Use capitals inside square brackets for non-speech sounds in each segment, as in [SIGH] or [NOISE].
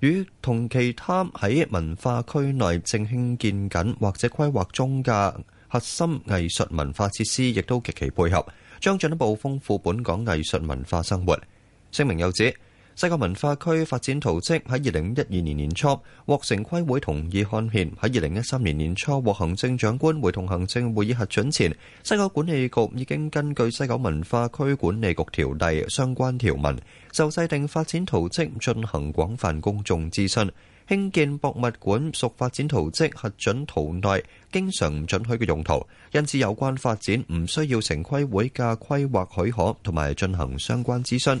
與同其他喺文化區內正興建緊或者規劃中嘅核心藝術文化設施，亦都極其配合，將進一步豐富本港藝術文化生活。聲明又指。西九文化區發展圖則喺2012年年初,獲城規會同意刊憲,喺2013年年初,獲行政長官會同行政會議核准前,西九管理局已經根據西九文化區管理局條例相關條文,就制定發展圖則,進行廣泛公眾諮詢。興建博物館屬發展圖則,核准圖內,經常准許嘅用途。因此有關發展,唔需要城規會嘅規劃許可,同埋進行相關諮詢。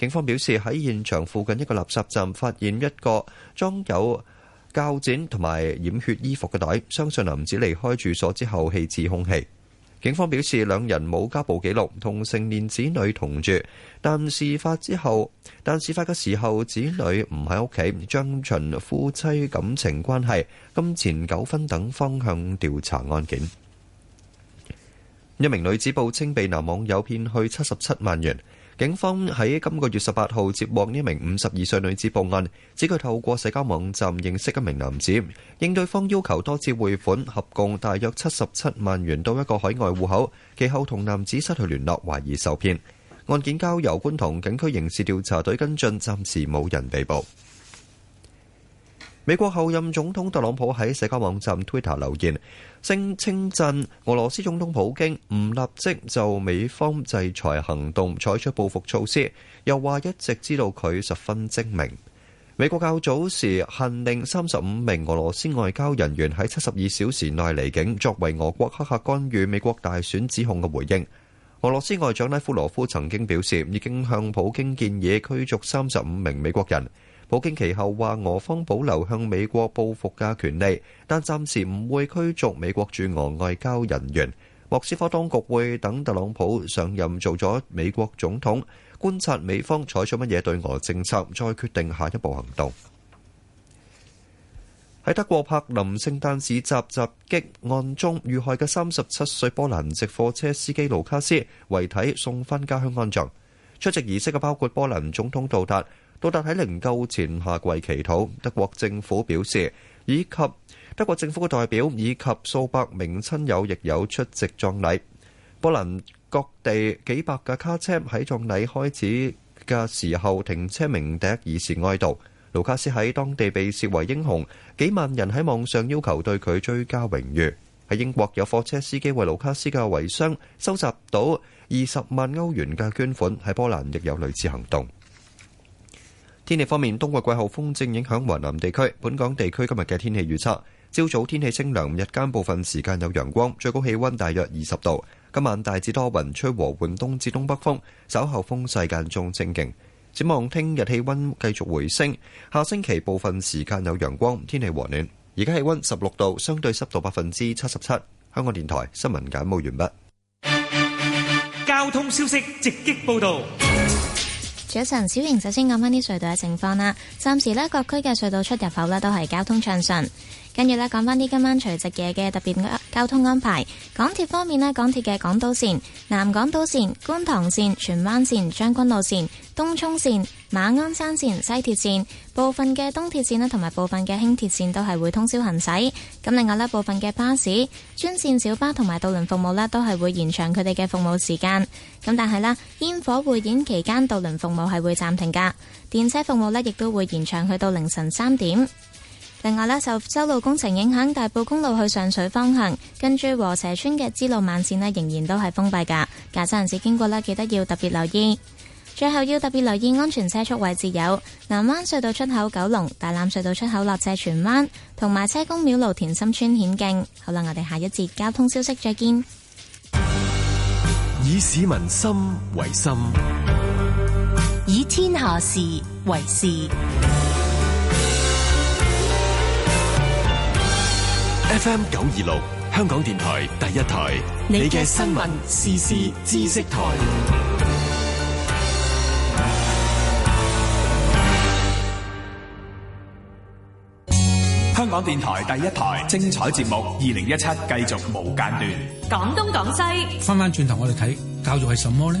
警方表示喺現場附近一個垃圾站發現一個裝有鉸剪同埋染血衣服嘅袋，袋，相信男子離開住所之後棄置空氣。警方表示兩人冇家暴記錄，同成年子女同住，但事發之後，但事發嘅時候子女唔喺屋企，將循夫妻感情關係、金錢糾紛等方向調查案件。一名女子報稱被男網友騙去七十七萬元。警方喺今個月十八號接獲呢名五十二歲女子報案，指佢透過社交網站認識一名男子，應對方要求多次匯款，合共大約七十七萬元到一個海外戶口，其後同男子失去聯絡，懷疑受騙。案件交由觀塘警區刑事調查隊跟進，暫時冇人被捕。美國後任總統特朗普喺社交網站 Twitter 留言，聲稱讚俄羅斯總統普京唔立即就美方制裁行動採取報復措施，又話一直知道佢十分精明。美國較早時限令三十五名俄羅斯外交人員喺七十二小時內離境，作為俄國黑客干預美國大選指控嘅回應。俄羅斯外長拉夫羅夫曾經表示，已經向普京建議驅逐三十五名美國人。普京其後話俄方保留向美國報復嘅權利，但暫時唔會驅逐美國駐俄外交人員。莫斯科當局會等特朗普上任做咗美國總統，觀察美方採取乜嘢對俄政策，再決定下一步行動。喺德國柏林聖誕市集襲擊案中遇害嘅三十七歲波蘭籍貨車司機盧卡斯遺體送返家鄉安葬。出席儀式嘅包括波蘭總統到達。到達喺靈柩前下跪祈禱。德國政府表示，以及德國政府嘅代表以及數百名親友亦有出席葬禮。波蘭各地幾百架卡車喺葬禮開始嘅時候停車鳴笛，以示哀悼。盧卡斯喺當地被視為英雄，幾萬人喺網上要求對佢追加榮譽。喺英國有貨車司機為盧卡斯嘅遺孀收集到二十萬歐元嘅捐款。喺波蘭亦有類似行動。天氣方面，冬季季候風正影響華南地區。本港地區今日嘅天氣預測：朝早天氣清涼，日間部分時間有陽光，最高氣溫大約二十度。今晚大致多雲，吹和緩東至東北風，稍後風勢間中清勁。展望聽日氣溫繼續回升，下星期部分時間有陽光，天氣和暖。而家氣溫十六度，相對濕度百分之七十七。香港電台新聞簡報完畢。交通消息直擊報道。早晨，小瑩，首先講返啲隧道嘅情況啦。暫時呢，各區嘅隧道出入口呢都係交通暢順。跟住咧，講翻啲今晚除夕夜嘅特別交通安排。港鐵方面呢，港鐵嘅港島線、南港島線、觀塘線、荃灣線、將軍路線、東涌線、馬鞍山線、西鐵線、部分嘅東鐵線呢，同埋部分嘅輕鐵線都係會通宵行駛。咁另外呢，部分嘅巴士、專線小巴同埋渡輪服務呢，都係會延長佢哋嘅服務時間。咁但係咧，煙火匯演期間渡輪服務係會暫停㗎，電車服務呢，亦都會延長去到凌晨三點。另外咧，受修路工程影響，大埔公路去上水方向、跟住禾輋村嘅支路慢綫咧，仍然都係封閉噶。駕駛人士經過咧，記得要特別留意。最後要特別留意安全車速位置有南灣隧道出口九龍、九龍大欖隧道出口落灣、落斜荃灣同埋車公廟路田心村顯徑。好啦，我哋下一節交通消息再見。以市民心為心，以天下事為事。FM 九二六，26，香港電台第一台，你嘅新聞時事知識台，香港電台第一台精彩節目二零一七繼續無間斷。廣東廣西，翻翻轉頭，我哋睇教育係什麼呢？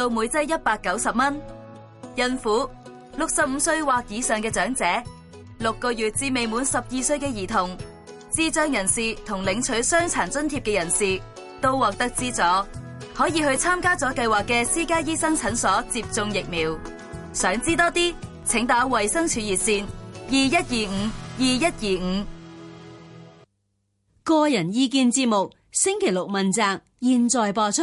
到每劑一百九十蚊。孕婦、六十五歲或以上嘅長者、六個月至未滿十二歲嘅兒童、智障人士同領取傷殘津貼嘅人士都獲得資助，可以去參加咗計劃嘅私家醫生診所接種疫苗。想知多啲，請打衛生署熱線二一二五二一二五。21 25, 21 25。個人意見節目星期六問責，現在播出。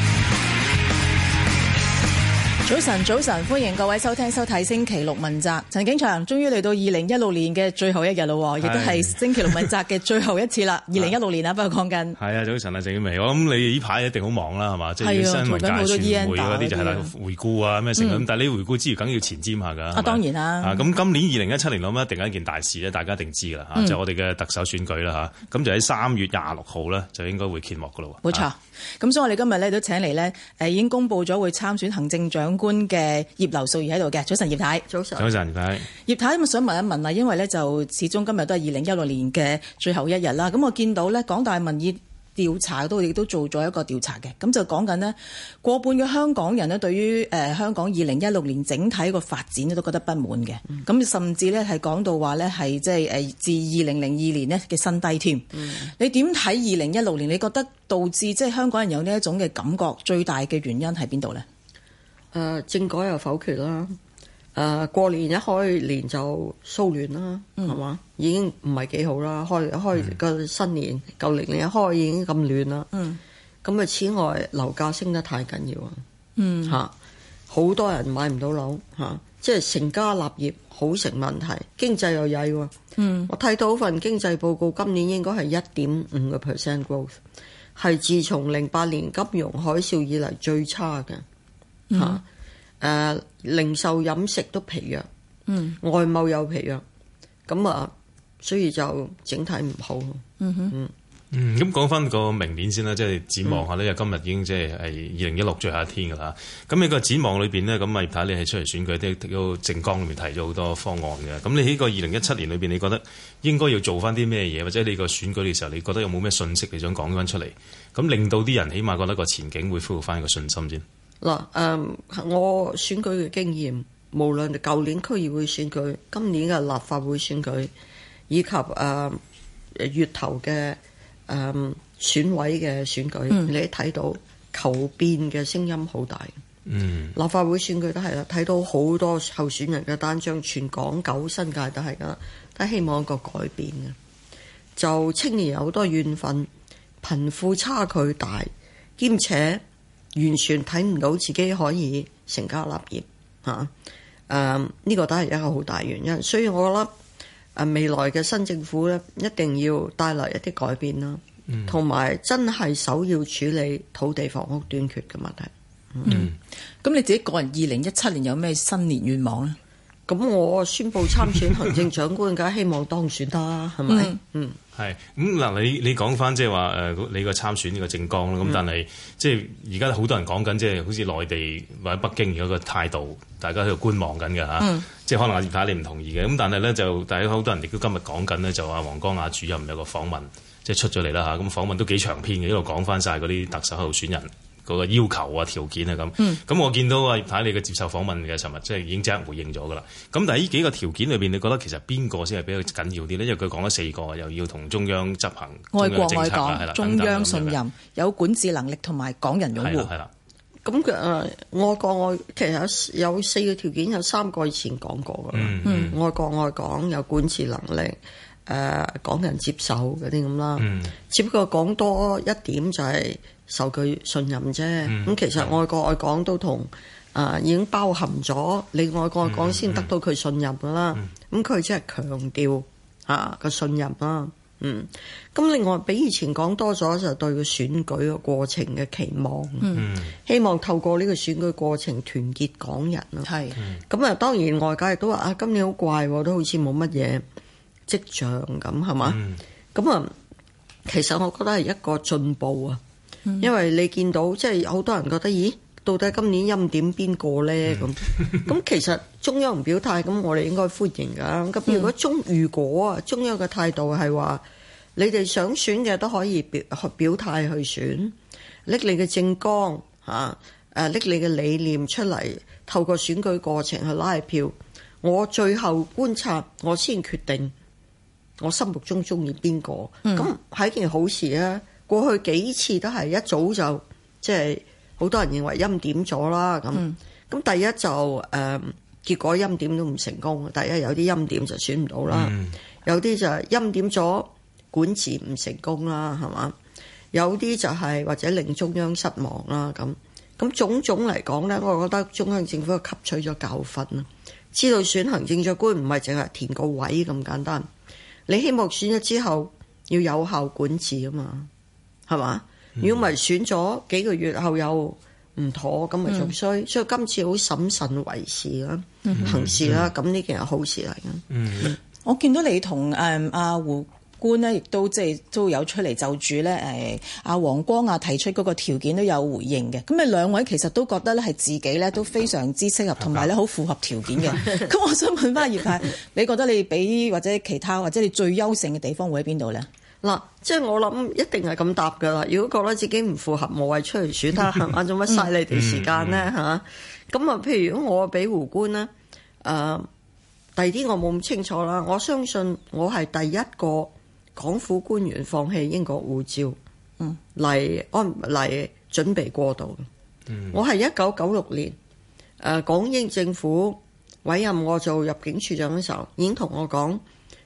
早晨，早晨，歡迎各位收聽收睇星期六問責。陳景祥，終於嚟到二零一六年嘅最後一日咯，亦都係星期六問責嘅最後一次啦。二零一六年啊，不過講緊係啊，早晨啊，陳曉明，我諗你呢排一定好忙啦，係嘛？係啊，做緊好多 E N D 啊啲就係啦，回顧啊咩成但係呢回顧之餘，梗要前瞻下噶。啊，當然啦。啊，咁、啊、今年二零一七年諗一定係一件大事咧，大家一定知噶吓、嗯啊，就係、我哋嘅特首選舉啦吓。咁、啊、就喺三月廿六號呢，就應該會揭幕噶咯。冇、嗯啊、錯。咁所以我哋今日咧都請嚟咧，誒、呃、已經公布咗會參選行政長官嘅葉劉淑儀喺度嘅，早晨葉太，早晨，早晨葉太葉太，咁想問一問啦。因為咧，就始終今日都係二零一六年嘅最後一日啦。咁我見到咧，港大民意調查都亦都做咗一個調查嘅。咁就講緊呢，過半嘅香港人呢，對於誒香港二零一六年整體個發展都覺得不滿嘅。咁、嗯、甚至咧係講到話咧，係即係誒自二零零二年呢嘅新低添。嗯、你點睇二零一六年？你覺得導致即係香港人有呢一種嘅感覺，最大嘅原因喺邊度咧？誒、啊、政改又否決啦，誒、啊、過年一開年就騷亂啦，係嘛、嗯？已經唔係幾好啦。開一開個新年，舊、嗯、年一開已經咁亂啦。嗯，咁啊，此外樓價升得太緊要、嗯、啊。嗯，嚇，好多人買唔到樓嚇、啊，即係成家立業好成問題，經濟又曳喎、啊。嗯，我睇到份經濟報告，今年應該係一點五個 percent growth，係自從零八年金融海嘯以嚟最差嘅。吓誒、嗯嗯呃，零售飲食都疲弱，嗯、外貿又疲弱，咁啊，所以就整體唔好。嗯哼，嗯咁講翻個明年先啦，即係展望下呢。今日已經即係係二零一六最後一天噶啦。咁你個展望裏邊呢，咁啊葉太你係出嚟選舉都喺度政綱裏邊提咗好多方案嘅。咁你喺個二零一七年裏邊，你覺得應該要做翻啲咩嘢？或者你個選舉嘅時候，你覺得有冇咩信息你想講翻出嚟？咁令到啲人起碼覺得個前景會恢復翻個信心先。嗱，誒、嗯，我選舉嘅經驗，無論舊年區議會選舉、今年嘅立法會選舉，以及誒、呃、月頭嘅誒、呃、選委嘅選舉，你睇到求變嘅聲音好大。嗯，立法會選舉都係啦，睇到好多候選人嘅單張，全港九新界都係噶，都，都希望一個改變嘅。就青年有好多怨憤，貧富差距大，兼且，完全睇唔到自己可以成家立業，嚇、啊、誒、啊、呢、這個都係一個好大原因。所以我覺得誒、啊、未來嘅新政府咧，一定要帶來一啲改變啦，同埋、嗯、真係首要處理土地房屋短缺嘅問題。嗯，咁、嗯、你自己個人二零一七年有咩新年願望咧？咁我宣佈參選行政長官，梗係希望當選啦、啊，係咪？ [LAUGHS] 嗯。係，咁嗱，你你講翻即係話誒，你個參選呢、這個政綱啦，咁、嗯、但係即係而家好多人講緊，即係好似內地或者北京而家個態度，大家喺度觀望緊嘅嚇，即係、嗯、可能阿葉太你唔同意嘅，咁、嗯、但係咧就大家好多人亦都今日講緊咧，就話王光亞主任有，有個訪問，即、就、係、是、出咗嚟啦嚇，咁訪問都幾長篇嘅，一路講翻晒嗰啲特首候選人。個要求啊、條件啊咁，咁我見到啊葉太你嘅接受訪問嘅，尋日即係已經即係回應咗噶啦。咁但係呢幾個條件裏邊，你覺得其實邊個先係比較緊要啲呢？因為佢講咗四個，又要同中央執行愛國愛港、中央信任、有管治能力同埋港人擁護。係啦，咁誒，愛國愛港其實有四個條件，有三個以前講過噶啦。嗯，愛國愛港有管治能力，誒，港人接受嗰啲咁啦。嗯，只不過講多一點就係。受佢信任啫。咁、嗯、其實愛國愛港都同啊，已經包含咗你愛國愛港先得到佢信任噶啦。咁佢即係強調啊個信任啦。嗯，咁、嗯啊啊嗯、另外比以前講多咗就是、對個選舉嘅過程嘅期望，嗯、希望透過呢個選舉過程團結港人咯。係咁啊，嗯、當然外界亦都話啊，今年好怪喎，都好似冇乜嘢跡象咁，係嘛？咁啊、嗯，嗯、其實我覺得係一個進步啊。因為你見到即係好多人覺得，咦？到底今年欽點邊個呢？」咁咁，其實中央唔表態，咁我哋應該歡迎噶。咁如，如果中如果啊，中央嘅態度係話，你哋想選嘅都可以表表態去選，拎你嘅政綱嚇，誒、啊、拎、啊、你嘅理念出嚟，透過選舉過程去拉票。我最後觀察，我先決定我心目中中意邊個。咁係 [LAUGHS] 一件好事啊！過去幾次都係一早就即係好多人認為欽點咗啦。咁咁、嗯、第一就誒、呃，結果欽點都唔成功。第一有啲欽點就選唔到啦，有啲就係欽點咗管治唔成功啦，係嘛？有啲就係或者令中央失望啦。咁咁種種嚟講呢，我覺得中央政府係吸取咗教訓啦，知道選行政長官唔係淨係填個位咁簡單，你希望選咗之後要有效管治啊嘛。係嘛？如果唔係選咗幾個月後又唔妥，咁咪仲衰。嗯、所以今次好審慎為事啦，嗯、哼行事啦，咁呢件係好事嚟。嗯哼，我見到你同誒阿胡官呢，亦都即係都有出嚟就住咧。誒，阿王光亞提出嗰個條件都有回應嘅。咁你兩位其實都覺得咧係自己咧都非常之適合，同埋咧好符合條件嘅。咁 [LAUGHS] 我想問翻葉太，你覺得你比或者其他或者你最優勝嘅地方會喺邊度咧？嗱，即係我諗一定係咁答㗎啦。如果覺得自己唔符合，無謂出嚟選他，做乜嘥你哋時間咧吓，咁啊，譬如我俾胡官咧，誒、呃，第二啲我冇咁清楚啦。我相信我係第一個港府官員放棄英國護照嚟安嚟準備過渡嘅。 [LAUGHS] 我係一九九六年誒、呃、港英政府委任我做入境處長嘅時候，已經同我講。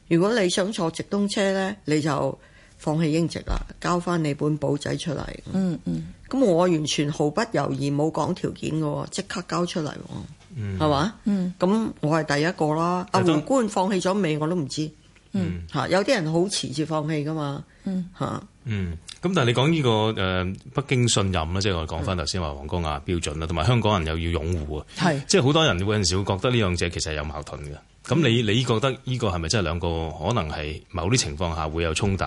如果你想坐直通車咧，你就放棄英籍啦，交翻你本簿仔出嚟。嗯嗯。咁我完全毫不猶豫，冇講條件嘅喎，即刻交出嚟喎。嗯。係嘛？嗯。咁我係第一個啦。阿胡官放棄咗未？我都唔知。嗯。嚇，有啲人好遲住放棄嘅嘛。嗯。嚇。嗯。咁但係你講呢個誒北京信任咧，即係我哋講翻頭先話王光亞標準啦，同埋香港人又要擁護啊。係。即係好多人會有陣時會覺得呢樣嘢其實有矛盾嘅。咁你你覺得呢個係咪真係兩個可能係某啲情況下會有衝突，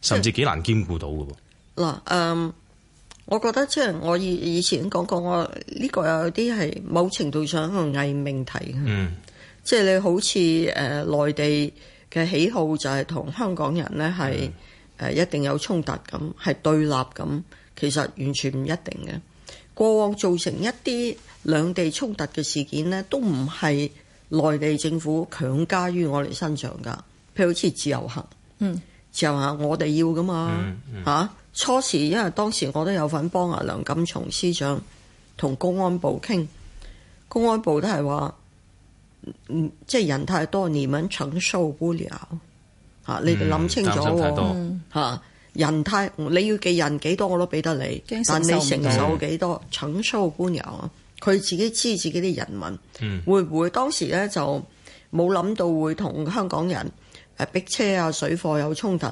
甚至幾難兼顧到嘅喎？嗱，嗯，我覺得即係我以以前講過，我、這、呢個有啲係某程度上一個偽命題。嗯，即係你好似誒內地嘅喜好就係同香港人呢係誒一定有衝突咁，係對立咁，其實完全唔一定嘅。過往造成一啲兩地衝突嘅事件呢，都唔係。內地政府強加於我哋身上噶，譬如好似自由行，嗯、自由行我哋要噶嘛嚇、嗯嗯啊。初時因為當時我都有份幫阿梁錦松司長同公安部傾，公安部都係話、嗯，即係人太多，你們承受不了。嚇、啊。你哋諗清楚嚇，嗯、人太你要寄人幾多我都俾得你，嗯、但你承受幾多承受不了。佢自己知自己啲人民，嗯、會唔會當時咧就冇諗到會同香港人誒逼車啊、水貨有衝突，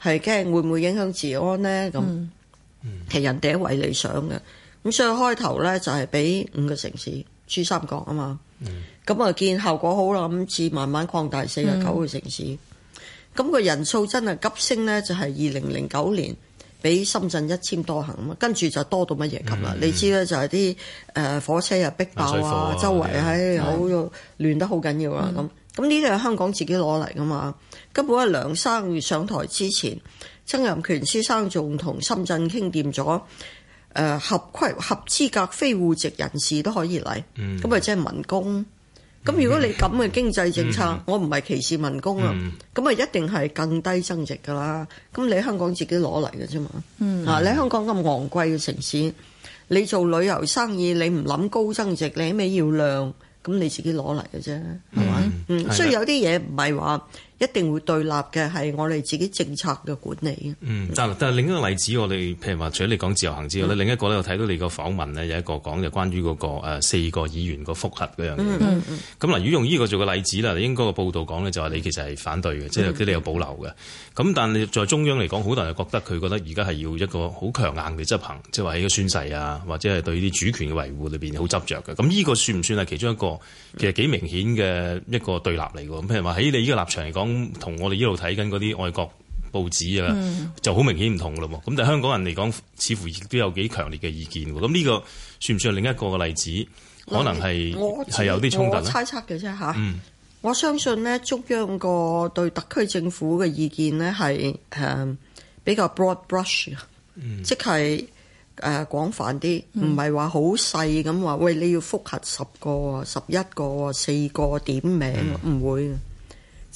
係驚會唔會影響治安咧？咁其、嗯嗯、人哋係為理想嘅，咁所以開頭咧就係俾五個城市珠三角啊嘛，咁啊見效果好啦，咁至慢慢擴大四十九個城市，咁、嗯、個、嗯、人數真係急升咧，就係二零零九年。俾深圳一簽多行啊嘛，跟住就多到乜嘢級啦？嗯、你知咧就係啲誒火車啊逼爆啊，火周圍喺好亂得好緊要啊咁。咁呢啲係香港自己攞嚟噶嘛？根本係梁生上台之前，曾蔭權先生仲同深圳傾掂咗誒合規合資格非戶籍人士都可以嚟，咁啊即係民工。咁、嗯、如果你咁嘅經濟政策，嗯、我唔係歧視民工啊，咁啊、嗯、一定係更低增值噶啦。咁你喺香港自己攞嚟嘅啫嘛。嗯、你喺香港咁昂貴嘅城市，你做旅遊生意，你唔諗高增值，你係咪要量，咁你自己攞嚟嘅啫，係嘛吧？嗯，吧所以有啲嘢唔係話。一定會對立嘅係我哋自己政策嘅管理。嗯，但，但係另一個例子，我哋譬如話，除咗你講自由行之外、嗯、另一個咧，我睇到你個訪問呢，有一個講就關於嗰、嗰個、呃、四個議員個複核嗰樣嘢。咁嗱、嗯嗯，如果用呢個做個例子啦，應該個報道講呢，就話你其實係反對嘅，即係啲你有保留嘅。咁、嗯嗯、但係在中央嚟講，好多人覺得佢覺得而家係要一個好強硬嘅執行，即係話喺個宣誓啊，或者係對啲主權嘅維護裏邊好執着嘅。咁呢個算唔算係其中一個？其實幾明顯嘅一個對立嚟㗎。咁譬如話喺你呢個立場嚟講。同我哋呢度睇緊嗰啲外國報紙啊，嗯、就好明顯唔同咯。咁但香港人嚟講，似乎亦都有幾強烈嘅意見。咁呢個算唔算另一個嘅例子？例可能係係有啲衝突咧。我我猜測嘅啫吓。嗯、我相信呢，中央個對特區政府嘅意見呢係誒比較 broad brush、嗯、即係誒廣泛啲，唔係話好細咁話。喂，你要覆核十個、十一個、四個點名，唔、嗯、會。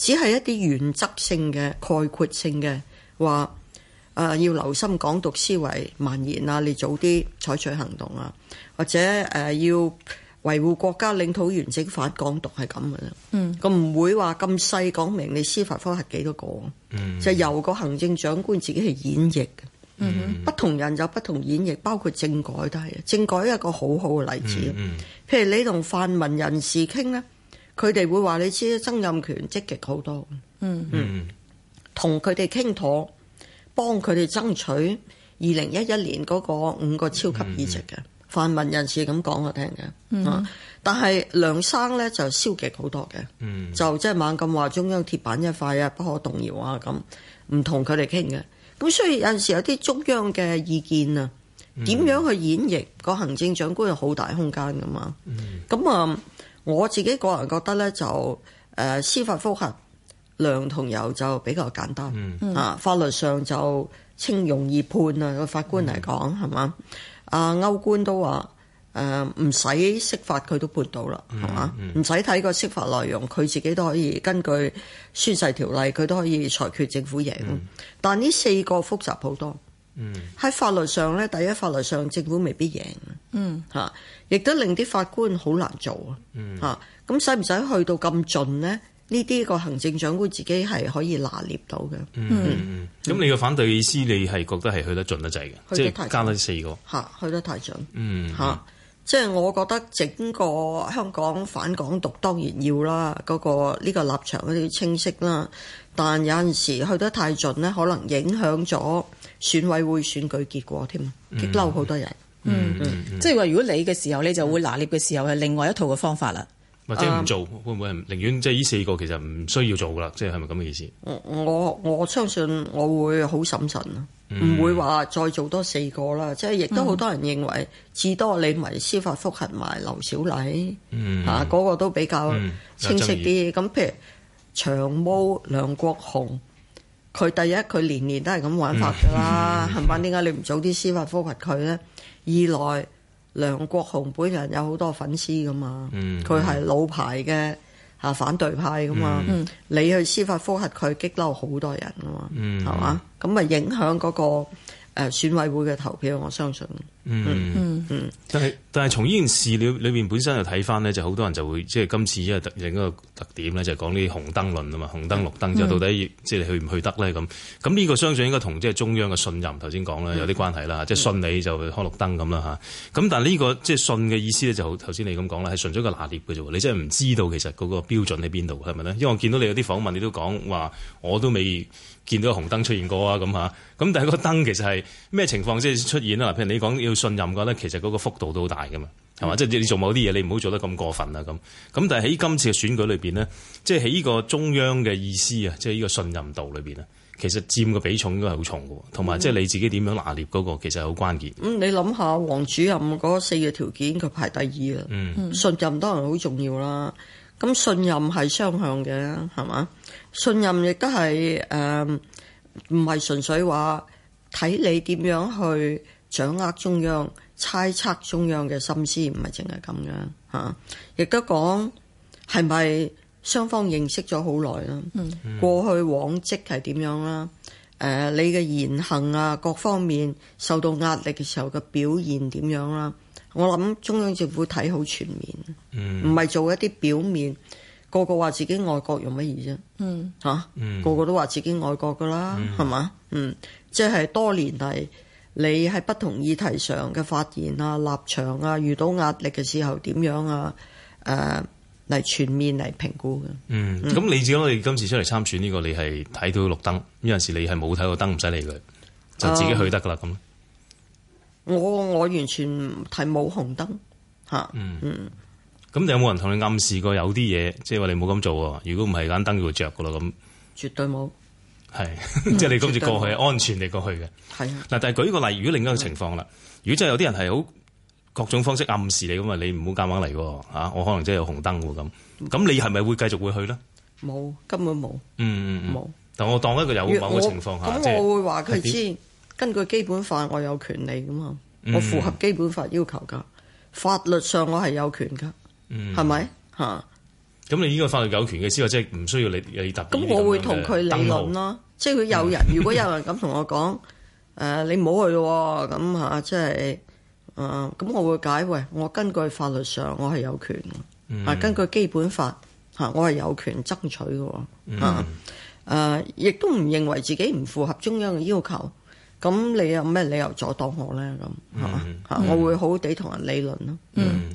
只係一啲原則性嘅概括性嘅話，誒、呃、要留心港獨思維蔓延啊，你早啲採取行動啊，或者誒、呃、要維護國家領土完整反港獨係咁嘅啫。嗯，佢唔會話咁細講明你司法覆核幾多個，嗯、就由個行政長官自己去演繹嘅。哼、嗯，不同人有不同演繹，包括政改都係。政改一個好好嘅例子。譬、嗯嗯、如你同泛民人士傾咧。佢哋會話你知，曾蔭權積極好多，嗯嗯，同佢哋傾妥，幫佢哋爭取二零一一年嗰個五個超級議席嘅、嗯、泛民人士咁講我聽嘅，嗯、啊，但係梁生咧就消極好多嘅，嗯、就即係猛咁話中央鐵板一塊啊，不可動搖啊咁，唔同佢哋傾嘅，咁所以有陣時有啲中央嘅意見啊，點樣去演繹，個行政長官有好大空間噶嘛，咁啊、嗯。嗯嗯我自己個人覺得咧，就誒、呃、司法覆核梁同游就比較簡單、嗯、啊，法律上就清容易判啊，個法官嚟講係嘛？阿、嗯呃、歐官都話誒唔使釋法佢都判到啦，係嘛、嗯？唔使睇個釋法內容，佢自己都可以根據宣誓條例，佢都可以裁決政府贏。嗯、但呢四個複雜好多，喺法律上咧，第一法律上政府未必贏，嗯嚇。嗯亦都令啲法官好難做、嗯、啊！嚇咁使唔使去到咁盡呢？呢啲個行政長官自己係可以拿捏到嘅。嗯咁、嗯嗯、你個反對意思，你係覺得係去得盡得滯嘅，去即係加多四個嚇、啊，去得太盡。嗯嚇、啊，即係我覺得整個香港反港獨當然要啦，嗰、嗰個呢個立場都要清晰啦。但有陣時去得太盡呢，可能影響咗選委會選舉結果添，激嬲好多人。嗯嗯嗯，即係話如果你嘅時候，你就會拿捏嘅時候係另外一套嘅方法啦。或者唔做會唔會寧願即係呢四個其實唔需要做噶啦？即係係咪咁嘅意思？我我相信我會好審慎咯，唔會話再做多四個啦。即係亦都好多人認為，至多你咪司法覆核埋劉小禮，吓嗰個都比較清晰啲。咁譬如長毛梁國雄，佢第一佢年年都係咁玩法噶啦。係咪？點解你唔早啲司法覆核佢咧？二來梁國雄本人有好多粉絲噶嘛，佢係、嗯、老牌嘅嚇反對派噶嘛，嗯、你去司法覆核佢，激嬲好多人噶嘛，係嘛、嗯？咁咪影響嗰、那個。誒選委會嘅投票，我相信。嗯嗯嗯，嗯但係但係從呢件事裏裏面本身就睇翻呢，就好、是、多人就會即係、就是、今次一係特另一個特點咧，就係、是、講呢紅燈論啊嘛，紅燈綠燈就到底即係、就是、你去唔去得咧咁。咁呢個相信應該同即係中央嘅信任，頭先講咧有啲關係啦，嗯、即係信你就會開綠燈咁啦嚇。咁但係、這、呢個即係、就是、信嘅意思咧，就頭先你咁講啦，係純粹一個拿捏嘅啫喎。你真係唔知道其實嗰個標準喺邊度係咪呢？因為我見到你有啲訪問，你都講話我都未，見到紅燈出現過啊，咁吓，咁但係個燈其實係咩情況先出現啊？譬如你講要信任嘅話，覺得其實嗰個幅度都好大嘅嘛，係嘛？即係、嗯、你做某啲嘢，你唔好做得咁過分啦，咁咁。但係喺今次嘅選舉裏邊咧，即係喺呢個中央嘅意思啊，即係呢個信任度裏邊啊，其實佔嘅比重應該係好重嘅，同埋即係你自己點樣拿捏嗰個，其實係好關鍵、嗯。你諗下，王主任嗰四個條件，佢排第二啊，嗯嗯、信任當然好重要啦。咁信任係雙向嘅，係嘛？信任亦都係，誒唔係純粹話睇你點樣去掌握中央、猜測中央嘅心思，唔係淨係咁樣，吓、啊，亦都講，係咪雙方認識咗好耐啦？嗯、過去往績係點樣啦？誒、呃、你嘅言行啊，各方面受到壓力嘅時候嘅表現點樣啦？我諗中央政府睇好全面，唔係、嗯、做一啲表面，個個話自己愛國用乜嘢啫？吓、嗯啊，個個都話自己愛國噶啦，係嘛、嗯？嗯，即、就、係、是、多年嚟，你喺不同議題上嘅發言啊、立場啊，遇到壓力嘅時候點樣啊？誒、呃，嚟全面嚟評估嘅。嗯，咁、嗯、你自己我哋今次出嚟參選呢、這個，你係睇到綠燈，呢陣時你係冇睇到燈，唔使理佢，就自己去得噶啦咁。嗯我我完全係冇紅燈嚇，啊、嗯，咁你有冇人同你暗示過有啲嘢，即係話你冇咁做喎？如果唔係，盞燈要會着噶啦咁。絕對冇，係即係你今次過去係安全你過去嘅，係啊的。嗱，但係舉個例，如果另一個情況啦，的如果真係有啲人係好各種方式暗示你噶嘛，你唔好夾硬嚟喎、啊、我可能真係有紅燈喎咁。咁你係咪會繼續會去咧？冇、嗯，根本冇，嗯冇。有但我當一個有某嘅情況下，即我會話佢知。根據基本法，我有權利噶嘛？我符合基本法要求噶，法律上我係有權噶，係咪吓？咁、嗯、你依個法律有權嘅，之外即係唔需要你你特別咁，我會同佢理論咯。後即係佢有人，如果有人咁同我講，誒、 [LAUGHS] 呃，你唔好去咯，咁、嗯、吓，即、嗯、係，誒，咁我會解喂，我根據法律上，我係有權，但根據基本法吓，我係有權爭取嘅。啊，誒、嗯，亦都唔認為自己唔符合中央嘅要求。咁你有咩理由阻擋我咧？咁係嘛？嚇、hmm. mm，hmm. 我會好好地同人理論咯。嗯，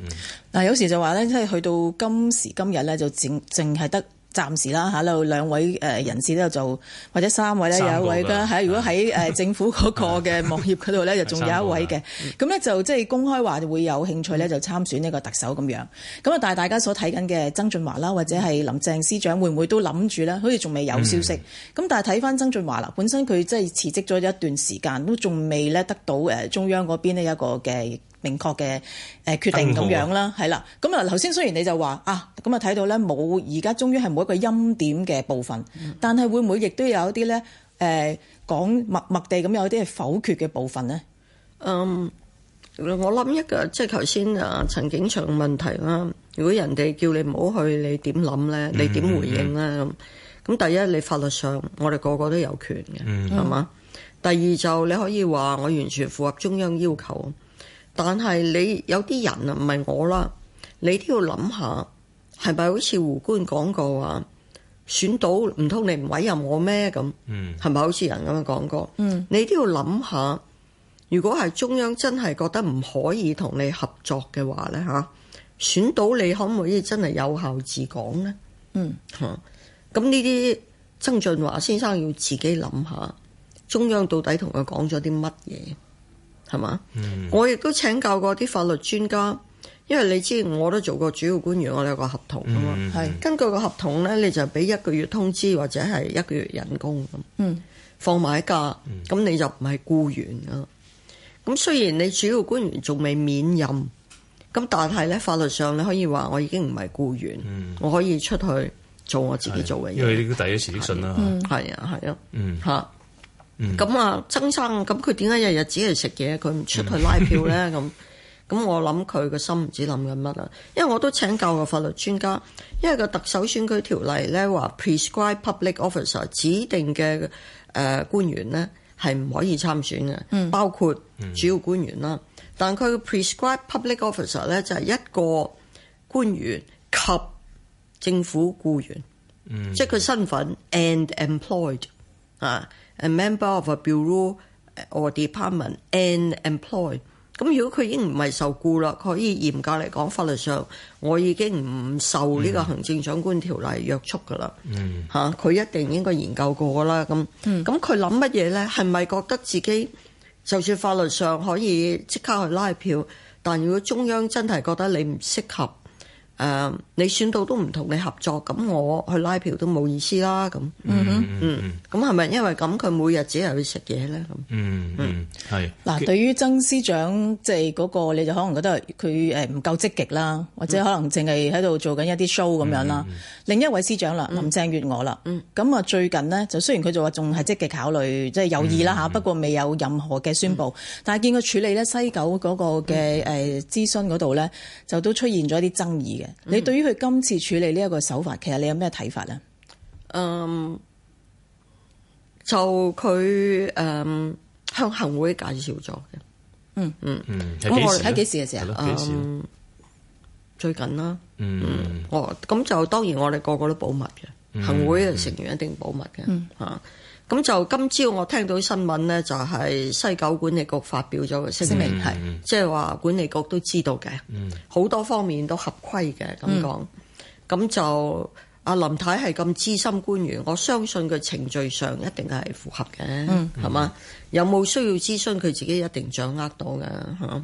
嗱，有時就話咧，即係去到今時今日咧，就淨淨係得。暫時啦吓，兩位誒、呃、人士呢，就或者三位咧有一位啦吓，如果喺誒政府嗰個嘅網頁嗰度咧就仲有一位嘅，咁咧就即係公開話會有興趣咧就參選呢個特首咁樣。咁啊，但係大家所睇緊嘅曾俊華啦，或者係林鄭司長，會唔會都諗住咧？好似仲未有消息。咁、嗯、但係睇返曾俊華啦，本身佢即係辭職咗一段時間，都仲未咧得到誒中央嗰邊咧一個嘅。明確嘅誒決定咁好樣啦，係啦。咁啊頭先雖然你就話啊，咁啊睇到咧冇而家終於係冇一個欽點嘅部分，嗯、但係會唔會亦都有一啲咧誒講默默地咁有啲係否決嘅部分咧？嗯，我諗一個即係頭先啊陳景祥嘅問題啦。如果人哋叫你唔好去，你點諗咧？你點回應咧？咁咁、嗯嗯、第一，你法律上我哋個個都有權嘅，係嘛、嗯？第二就你可以話我完全符合中央要求。但係你有啲人啊，唔係我啦，你都要諗下，係咪好似胡官講過話，選到唔通你唔委任我咩咁？嗯，係咪好似人咁樣講過？嗯，你都要諗下，如果係中央真係覺得唔可以同你合作嘅話咧，吓、啊，選到你可唔可以真係有效治港咧？嗯，吓咁呢啲，曾俊華先生要自己諗下，中央到底同佢講咗啲乜嘢？係嘛？我亦都請教過啲法律專家，因為你知我都做過主要官員，我哋有個合同噶嘛，係、嗯、根據個合同呢，你就俾一個月通知或者係一個月人工咁，嗯、放埋假，咁你就唔係僱員啦。咁雖然你主要官員仲未免任，咁但係呢，法律上你可以話我已經唔係僱員，嗯、我可以出去做我自己做嘅嘢，嗯、是因為你都遞咗辭職信啦。係啊是，係啊、嗯，吓。咁、嗯、啊，曾生咁佢點解日日只係食嘢，佢唔出去拉票呢？咁咁、嗯、 [LAUGHS] 我諗佢個心唔知諗緊乜啊！因為我都請教個法律專家，因為個特首選舉條例呢，話 prescribed public officer 指定嘅誒、呃、官員呢，係唔可以參選嘅，包括主要官員啦。嗯、但佢 prescribed public officer 呢就係一個官員及政府雇員，嗯、即係佢身份 and employed。啊，a member of a bureau or department and employee 咁如果佢已經唔係受僱啦，佢可以嚴格嚟，講法律上我已經唔受呢個行政長官條例約束噶啦。吓、mm，佢、hmm. 一定應該研究過啦。咁咁佢諗乜嘢咧？係咪覺得自己就算法律上可以即刻去拉票，但如果中央真係覺得你唔適合？誒，你選到都唔同你合作，咁我去拉票都冇意思啦。咁，嗯，嗯，咁係咪因為咁佢每日只係去食嘢咧？嗯嗯，係。嗱，對於曾司長即係嗰個，你就可能覺得佢誒唔夠積極啦，或者可能淨係喺度做緊一啲 show 咁樣啦。另一位司長啦，林鄭月娥啦，咁啊最近呢，就雖然佢就話仲係積極考慮，即係有意啦嚇，不過未有任何嘅宣佈。但係見佢處理咧西九嗰個嘅誒諮詢嗰度咧，就都出現咗一啲爭議嘅。你對於佢今次處理呢一個手法，其實你有咩睇法咧、嗯？嗯，就佢誒向行會介紹咗嘅，嗯嗯。咁、嗯、我哋睇幾時嘅時候、嗯？最近啦。嗯。我咁、嗯哦、就當然，我哋個個都保密嘅，嗯、行會嘅成員一定保密嘅吓。嗯嗯咁就今朝我聽到新聞呢，就係、是、西九管理局發表咗個聲明，係即係話管理局都知道嘅，好、嗯、多方面都合規嘅咁講。咁、嗯、就阿林太係咁資深官員，我相信佢程序上一定係符合嘅，係嘛？有冇需要諮詢佢自己一定掌握到嘅嚇。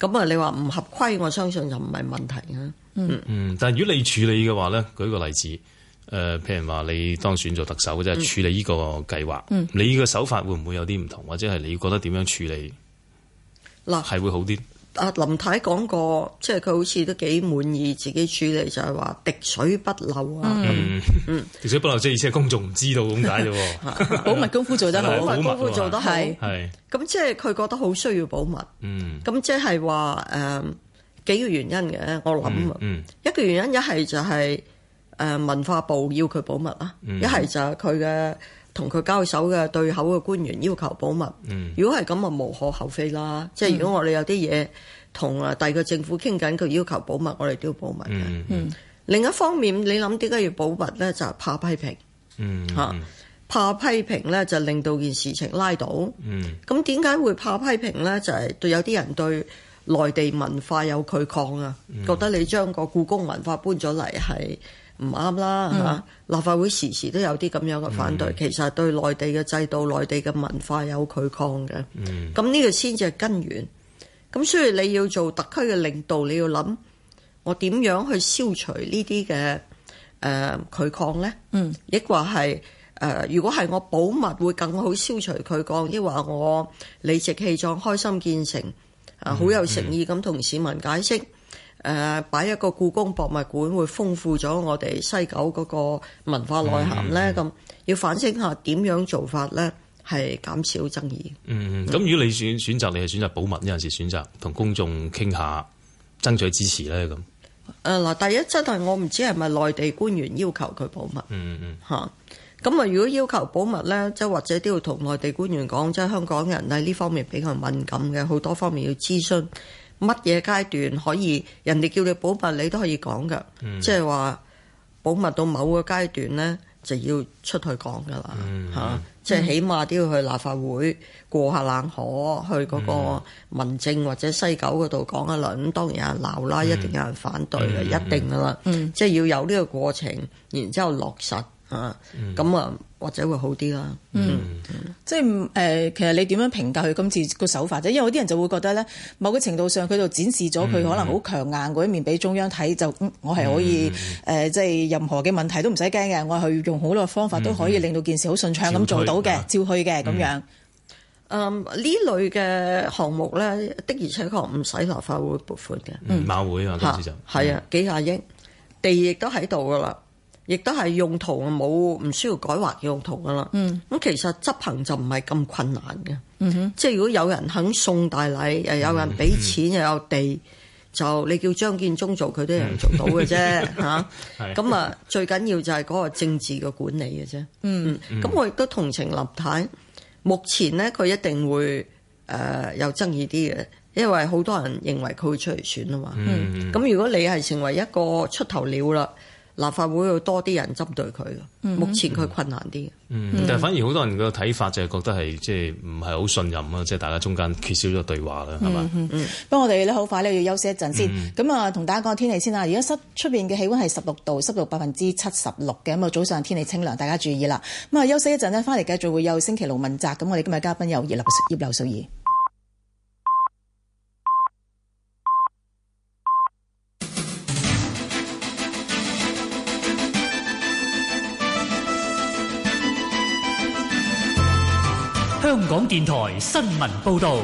咁啊，嗯、你話唔合規，我相信就唔係問題啊。嗯，嗯，但係如果你處理嘅話咧，舉個例子。誒，譬如話你當選做特首，即係處理呢個計劃，你依個手法會唔會有啲唔同，或者係你覺得點樣處理？嗱，係會好啲。阿林太講過，即係佢好似都幾滿意自己處理，就係話滴水不漏啊。滴水不漏即係意思係公眾唔知道咁解啫。保密功夫做得好，保密功夫做得係，係。咁即係佢覺得好需要保密。咁即係話誒幾個原因嘅，我諗一個原因一係就係。誒文化部要佢保密啊，一係就係佢嘅同佢交手嘅對口嘅官員要求保密。如果係咁，啊，無可厚非啦。即係如果我哋有啲嘢同啊第二個政府傾緊，佢要求保密，我哋都要保密嘅。另一方面，你諗點解要保密咧？就係怕批評吓，怕批評咧就令到件事情拉倒。咁點解會怕批評咧？就係對有啲人對內地文化有拒抗啊，覺得你將個故宮文化搬咗嚟係唔啱啦嚇！嗯、立法會時時都有啲咁樣嘅反對，嗯、其實對內地嘅制度、內地嘅文化有拒抗嘅。咁呢、嗯、個先至係根源。咁所以你要做特區嘅領導，你要諗我點樣去消除呢啲嘅誒拒抗呢？嗯，抑或係誒，如果係我保密會更好消除拒抗，抑或我理直氣壯、開心見誠啊，好有誠意咁同市民解釋。嗯嗯嗯誒，擺、呃、一個故宮博物館會豐富咗我哋西九嗰個文化內涵咧，咁、嗯嗯、要反省下點樣做法咧，係減少爭議嗯。嗯嗯，咁如果你選選擇，你係選擇保密呢陣時，選擇同公眾傾下，爭取支持咧，咁。誒嗱，第一真係我唔知係咪內地官員要求佢保密。嗯嗯嗯，咁、嗯、啊，嗯嗯、如果要求保密咧，即係或者都要同內地官員講，即係香港人喺呢方面比較敏感嘅，好多方面要諮詢詢。乜嘢階段可以人哋叫你保密，你都可以講噶，即係話保密到某個階段呢，就要出去講噶啦嚇，即係、嗯啊、起碼都要去立法會過下冷河，去嗰個民政或者西九嗰度講一輪，嗯、當然有人鬧啦，一定有人反對嘅，嗯、一定噶啦，即係、嗯嗯、要有呢個過程，然之後落實。啊，咁啊，或者會好啲啦。嗯，即係誒，其實你點樣評價佢今次個手法啫？因為有啲人就會覺得咧，某個程度上佢就展示咗佢可能好強硬嗰一面俾中央睇，就我係可以誒，即係任何嘅問題都唔使驚嘅，我係用好多方法都可以令到件事好順暢咁做到嘅，照去嘅咁樣。嗯，呢類嘅項目咧，的而且確唔使立法會撥款嘅。嗯，馬會啊，跟住就係啊，幾廿億地亦都喺度噶啦。亦都係用途冇唔需要改劃嘅用途噶啦。咁、嗯、其實執行就唔係咁困難嘅。嗯、哼即係如果有人肯送大禮，又有人俾錢，嗯、又有地，就你叫張建宗做，佢都有人做到嘅啫。嚇、嗯，咁 [LAUGHS] 啊，最緊要就係嗰個政治嘅管理嘅啫。嗯，咁、嗯、我亦都同情林太，目前呢，佢一定會誒、呃、有爭議啲嘅，因為好多人認為佢會出嚟選啊嘛。咁、嗯、如果你係成為一個出頭鳥啦。立法會會多啲人針對佢、嗯、目前佢困難啲。嗯嗯、但係反而好多人嘅睇法就係覺得係即係唔係好信任啊，即係大家中間缺少咗對話啦，係嘛？不過我哋咧好快咧要休息一陣先，咁啊同大家講個天氣先啦。而家室出邊嘅氣温係十六度，濕度百分之七十六嘅。咁啊早上天氣清涼，大家注意啦。咁啊休息一陣呢，翻嚟繼續會有星期六問責。咁我哋今日嘉賓有葉劉葉劉淑儀。香港電台新聞報道：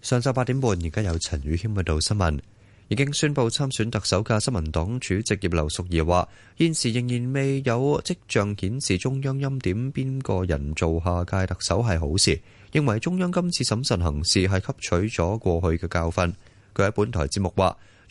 上晝八點半，而家有陳宇謙報道新聞。已經宣佈參選特首嘅新聞黨主席葉劉淑儀話，現時仍然未有跡象顯示中央欽點邊個人做下屆特首係好事。認為中央今次審慎行事係吸取咗過去嘅教訓。佢喺本台節目話。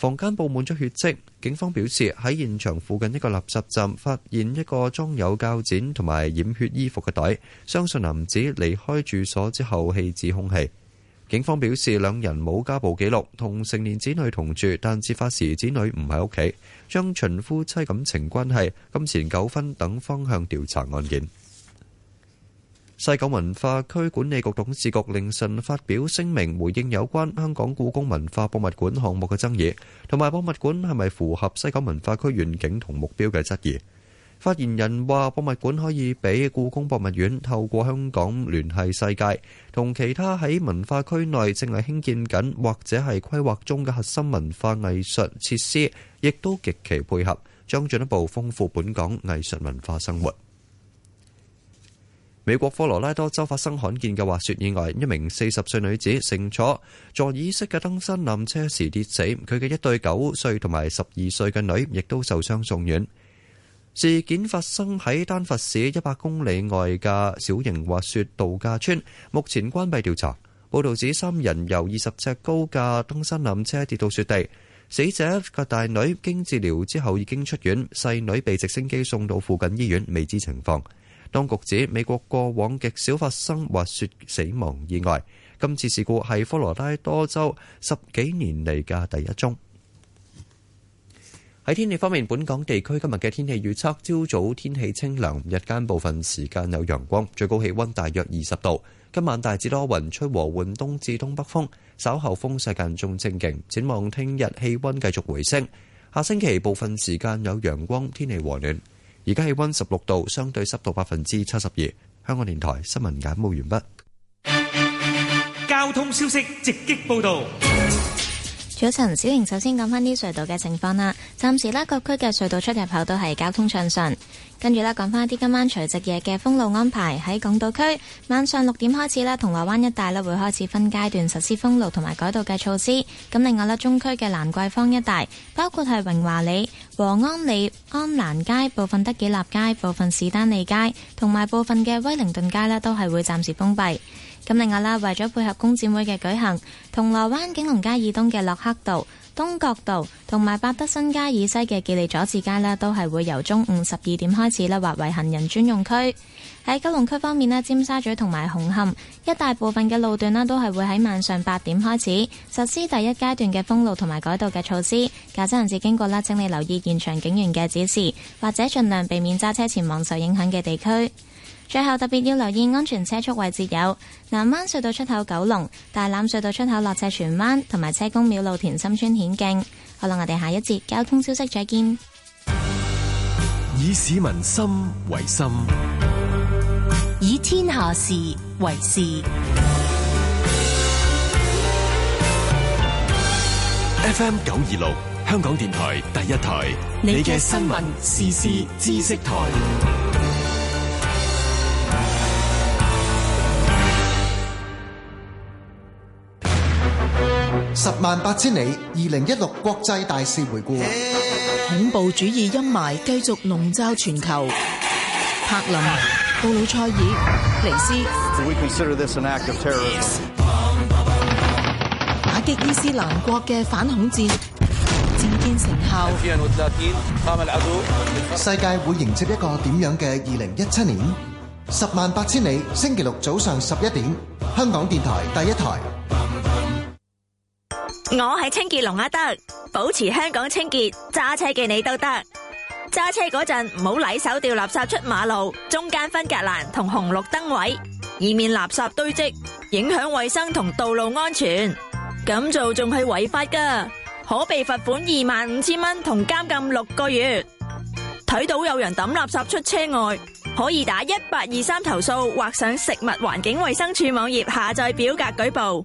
房間佈滿咗血迹，警方表示喺現場附近一個垃圾站發現一個裝有鉸剪同埋染血衣服嘅袋，相信男子離開住所之後棄置兇器。警方表示兩人冇家暴記錄，同成年子女同住，但事發時子女唔喺屋企，將循夫妻感情關係、金錢糾紛等方向調查案件。西九文化區管理局董事局凌晨發表聲明，回應有關香港故宮文化博物館項目嘅爭議，同埋博物館係咪符合西九文化區願景同目標嘅質疑。發言人話：博物館可以俾故宮博物院透過香港聯繫世界，同其他喺文化區內正係興建緊或者係規劃中嘅核心文化藝術設施，亦都極其配合，將進一步豐富本港藝術文化生活。美國科羅拉多州發生罕見嘅滑雪意外，一名四十歲女子乘坐座椅式嘅登山纜車時跌死，佢嘅一對九歲同埋十二歲嘅女亦都受傷送院。事件發生喺丹佛市一百公里外嘅小型滑雪度假村，目前關閉調查。報道指三人由二十尺高架登山纜車跌到雪地，死者嘅大女經治療之後已經出院，細女被直升機送到附近醫院，未知情況。當局指，美國過往極少發生滑雪死亡意外，今次事故係科羅拉多州十幾年嚟嘅第一宗。喺天氣方面，本港地區今日嘅天氣預測：朝早天氣清涼，日間部分時間有陽光，最高氣温大約二十度。今晚大致多雲，吹和緩東至東北風，稍後風勢間中正勁。展望聽日氣温繼續回升，下星期部分時間有陽光，天氣和暖。而家氣溫十六度，相對濕度百分之七十二。香港電台新聞簡報完畢。交通消息直擊報道。早晨，小玲首先講返啲隧道嘅情況啦。暫時呢，各區嘅隧道出入口都係交通暢順。跟住呢，講翻啲今晚除夕夜嘅封路安排。喺港島區，晚上六點開始咧，銅鑼灣一帶呢會開始分階段實施封路同埋改道嘅措施。咁另外呢，中區嘅蘭桂坊一帶，包括係榮華里、和安里、安蘭街部分、德己立街部分、史丹利街同埋部分嘅威靈頓街呢，都係會暫時封閉。咁另外啦，為咗配合工展會嘅舉行，銅鑼灣景隆街以東嘅洛克道、東角道同埋百德新街以西嘅記利佐治街呢，都係會由中午十二點開始啦，劃為行人專用區。喺九龍區方面啦，尖沙咀同埋紅磡一大部分嘅路段啦，都係會喺晚上八點開始實施第一階段嘅封路同埋改道嘅措施。駕駛人士經過啦，請你留意現場警員嘅指示，或者盡量避免揸車前往受影響嘅地區。最後特別要留意安全車速位置，有南灣隧道出口九龍、九龍大欖隧道出口落、落斜荃灣同埋車公廟路田心村顯徑。好啦，我哋下一節交通消息，再見。以市民心為心，以天下事為事。FM 九二六香港電台第一台，你嘅新聞時事知識台。十萬八千里，二零一六國際大事回顧。恐怖主義陰霾繼續籠罩全球。柏林、布魯塞爾、尼斯。We consider this an act of terrorism。打擊伊斯蘭國嘅反恐戰漸見成效。世界會迎接一個點樣嘅二零一七年？十萬八千里，星期六早上十一點，香港電台第一台。我係清潔龍阿德，保持香港清潔，揸車嘅你都得。揸車嗰陣唔好禮手掉垃圾出馬路、中間分隔欄同紅綠燈位，以免垃圾堆積，影響衛生同道路安全。咁做仲係違法噶，可被罰款二萬五千蚊同監禁六個月。睇到有人抌垃圾出車外，可以打一八二三投訴，或上食物環境衛生署網頁下載表格舉報。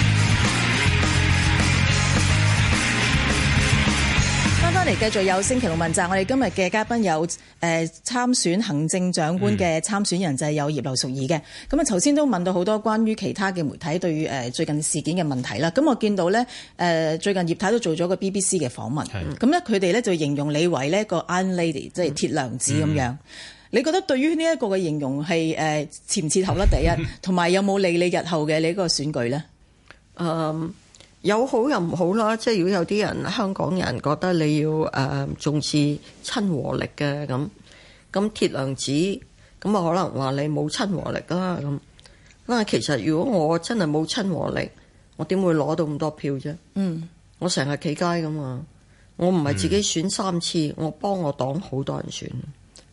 繼續有星期六問責，我哋今日嘅嘉賓有誒參、呃、選行政長官嘅參選人就係有葉劉淑儀嘅。咁啊,頭先都問到好多關於其他嘅媒體對於誒、呃、最近事件嘅問題啦。咁我見到咧，誒、呃、最近葉太都做咗個 BBC 嘅訪問。咁咧的，佢哋咧就形容你為呢個 un lady 即係鐵娘子咁樣。嗯、你覺得對於呢一個嘅形容係誒前次頭啦，呃、切切後第一同埋 [LAUGHS] 有冇利你日後嘅你一個選舉咧？嗯。Um, 有好又唔好啦，即係如果有啲人香港人覺得你要誒、呃、重視親和力嘅咁，咁鐵娘子咁啊，可能話你冇親和力啦咁。但係其實如果我真係冇親和力，我點會攞到咁多票啫？嗯，我成日企街咁啊，我唔係自己選三次，我幫我黨好多人選，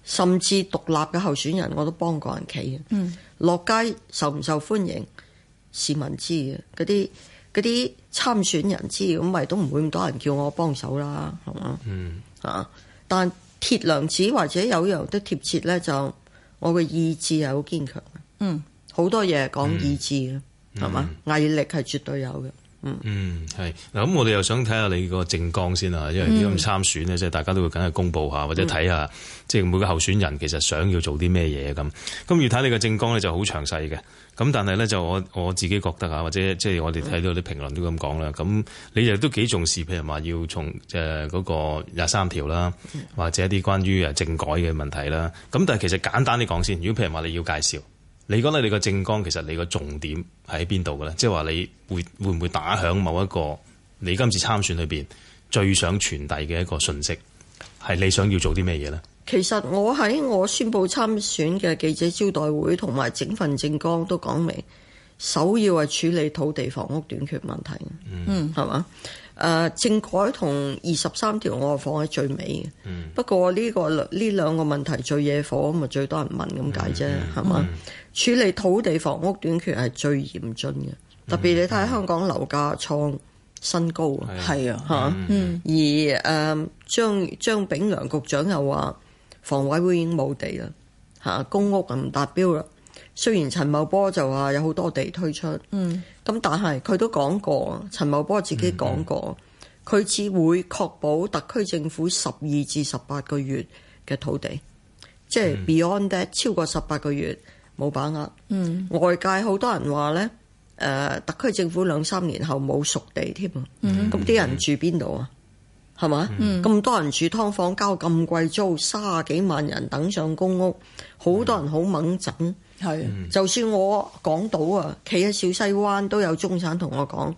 甚至獨立嘅候選人我都幫過人企。嗯，落街受唔受歡迎？市民知嘅啲。嗰啲參選人知咁，咪都唔會咁多人叫我幫手啦，係嘛？嗯啊，但鐵娘子或者有樣啲貼切咧，就我嘅意志係好堅強嘅。嗯，好多嘢講意志嘅，係嘛、嗯？吧毅力係絕對有嘅。嗯，係嗱，咁我哋又想睇下你個政綱先啊，因為點樣參選呢，即係、嗯、大家都會梗係公布下，或者睇下，即係每個候選人其實想要做啲咩嘢咁。咁如睇你個政綱咧就好詳細嘅，咁但係咧就我我自己覺得啊，或者即係我哋睇到啲評論都咁講啦。咁、嗯、你亦都幾重視，譬如話要從誒嗰個廿三條啦，嗯、或者啲關於誒政改嘅問題啦。咁但係其實簡單啲講先，如果譬如話你要介紹。你講咧，你個政綱其實你個重點喺邊度嘅咧？即係話你會會唔會打響某一個你今次參選裏邊最想傳遞嘅一個訊息，係你想要做啲咩嘢咧？其實我喺我宣布參選嘅記者招待會同埋整份政綱都講明，首要係處理土地房屋短缺問題。嗯吧，係嘛？誒政改同二十三條，我放喺最尾。嗯、不過呢、呢個呢兩個問題最惹火，咁、就、咪、是、最多人問咁解啫，係嘛、嗯吧？嗯處理土地房屋短缺係最嚴峻嘅，嗯、特別你睇香港樓價創新高、嗯、啊，係啊嚇。而誒張張炳良局長又話，房委會已經冇地啦嚇，公屋啊唔達標啦。雖然陳茂波就話有好多地推出，咁、嗯、但係佢都講過，陳茂波自己講過，佢、嗯嗯、只會確保特區政府十二至十八個月嘅土地，即係 Beyond that 超過十八個月。嗯冇把握，外界好多人話呢，誒，特區政府兩三年後冇熟地添，咁啲人住邊度啊？係嘛？咁多人住劏房，交咁貴租，三十幾萬人等上公屋，好多人好猛整，係就算我講到，啊，企喺小西灣都有中產同我講，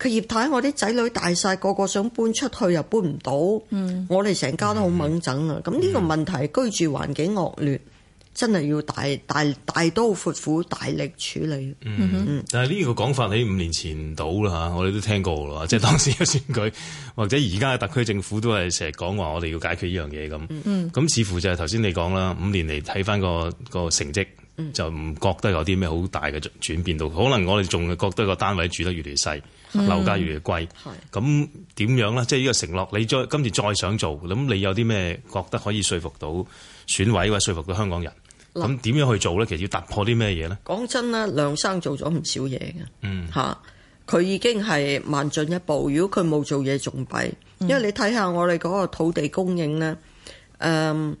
佢，葉太，我啲仔女大晒，個個想搬出去又搬唔到，我哋成家都好猛整啊！咁呢個問題，居住環境惡劣。真係要大大大刀闊斧、大力處理。嗯嗯、但係呢個講法喺五年前到啦嚇，我哋都聽過啦，即係、嗯、當時嘅選舉，或者而家嘅特區政府都係成日講話，我哋要解決呢樣嘢咁。嗯咁似乎就係頭先你講啦，五年嚟睇翻個，嗰個成績，嗯、就唔覺得有啲咩好大嘅轉變到。可能我哋仲覺得個單位住得越嚟越細，樓價越嚟越貴。係咁點樣呢？即係呢個承諾，你再今次再想做，咁你有啲咩覺得可以說服到選委或者說服到香港人？咁點樣去做呢？其實要突破啲咩嘢呢？講真啦，梁生做咗唔少嘢嘅，嚇佢、嗯啊、已經係慢進一步。如果佢冇做嘢，仲弊。因為你睇下我哋嗰個土地供應呢，誒、嗯、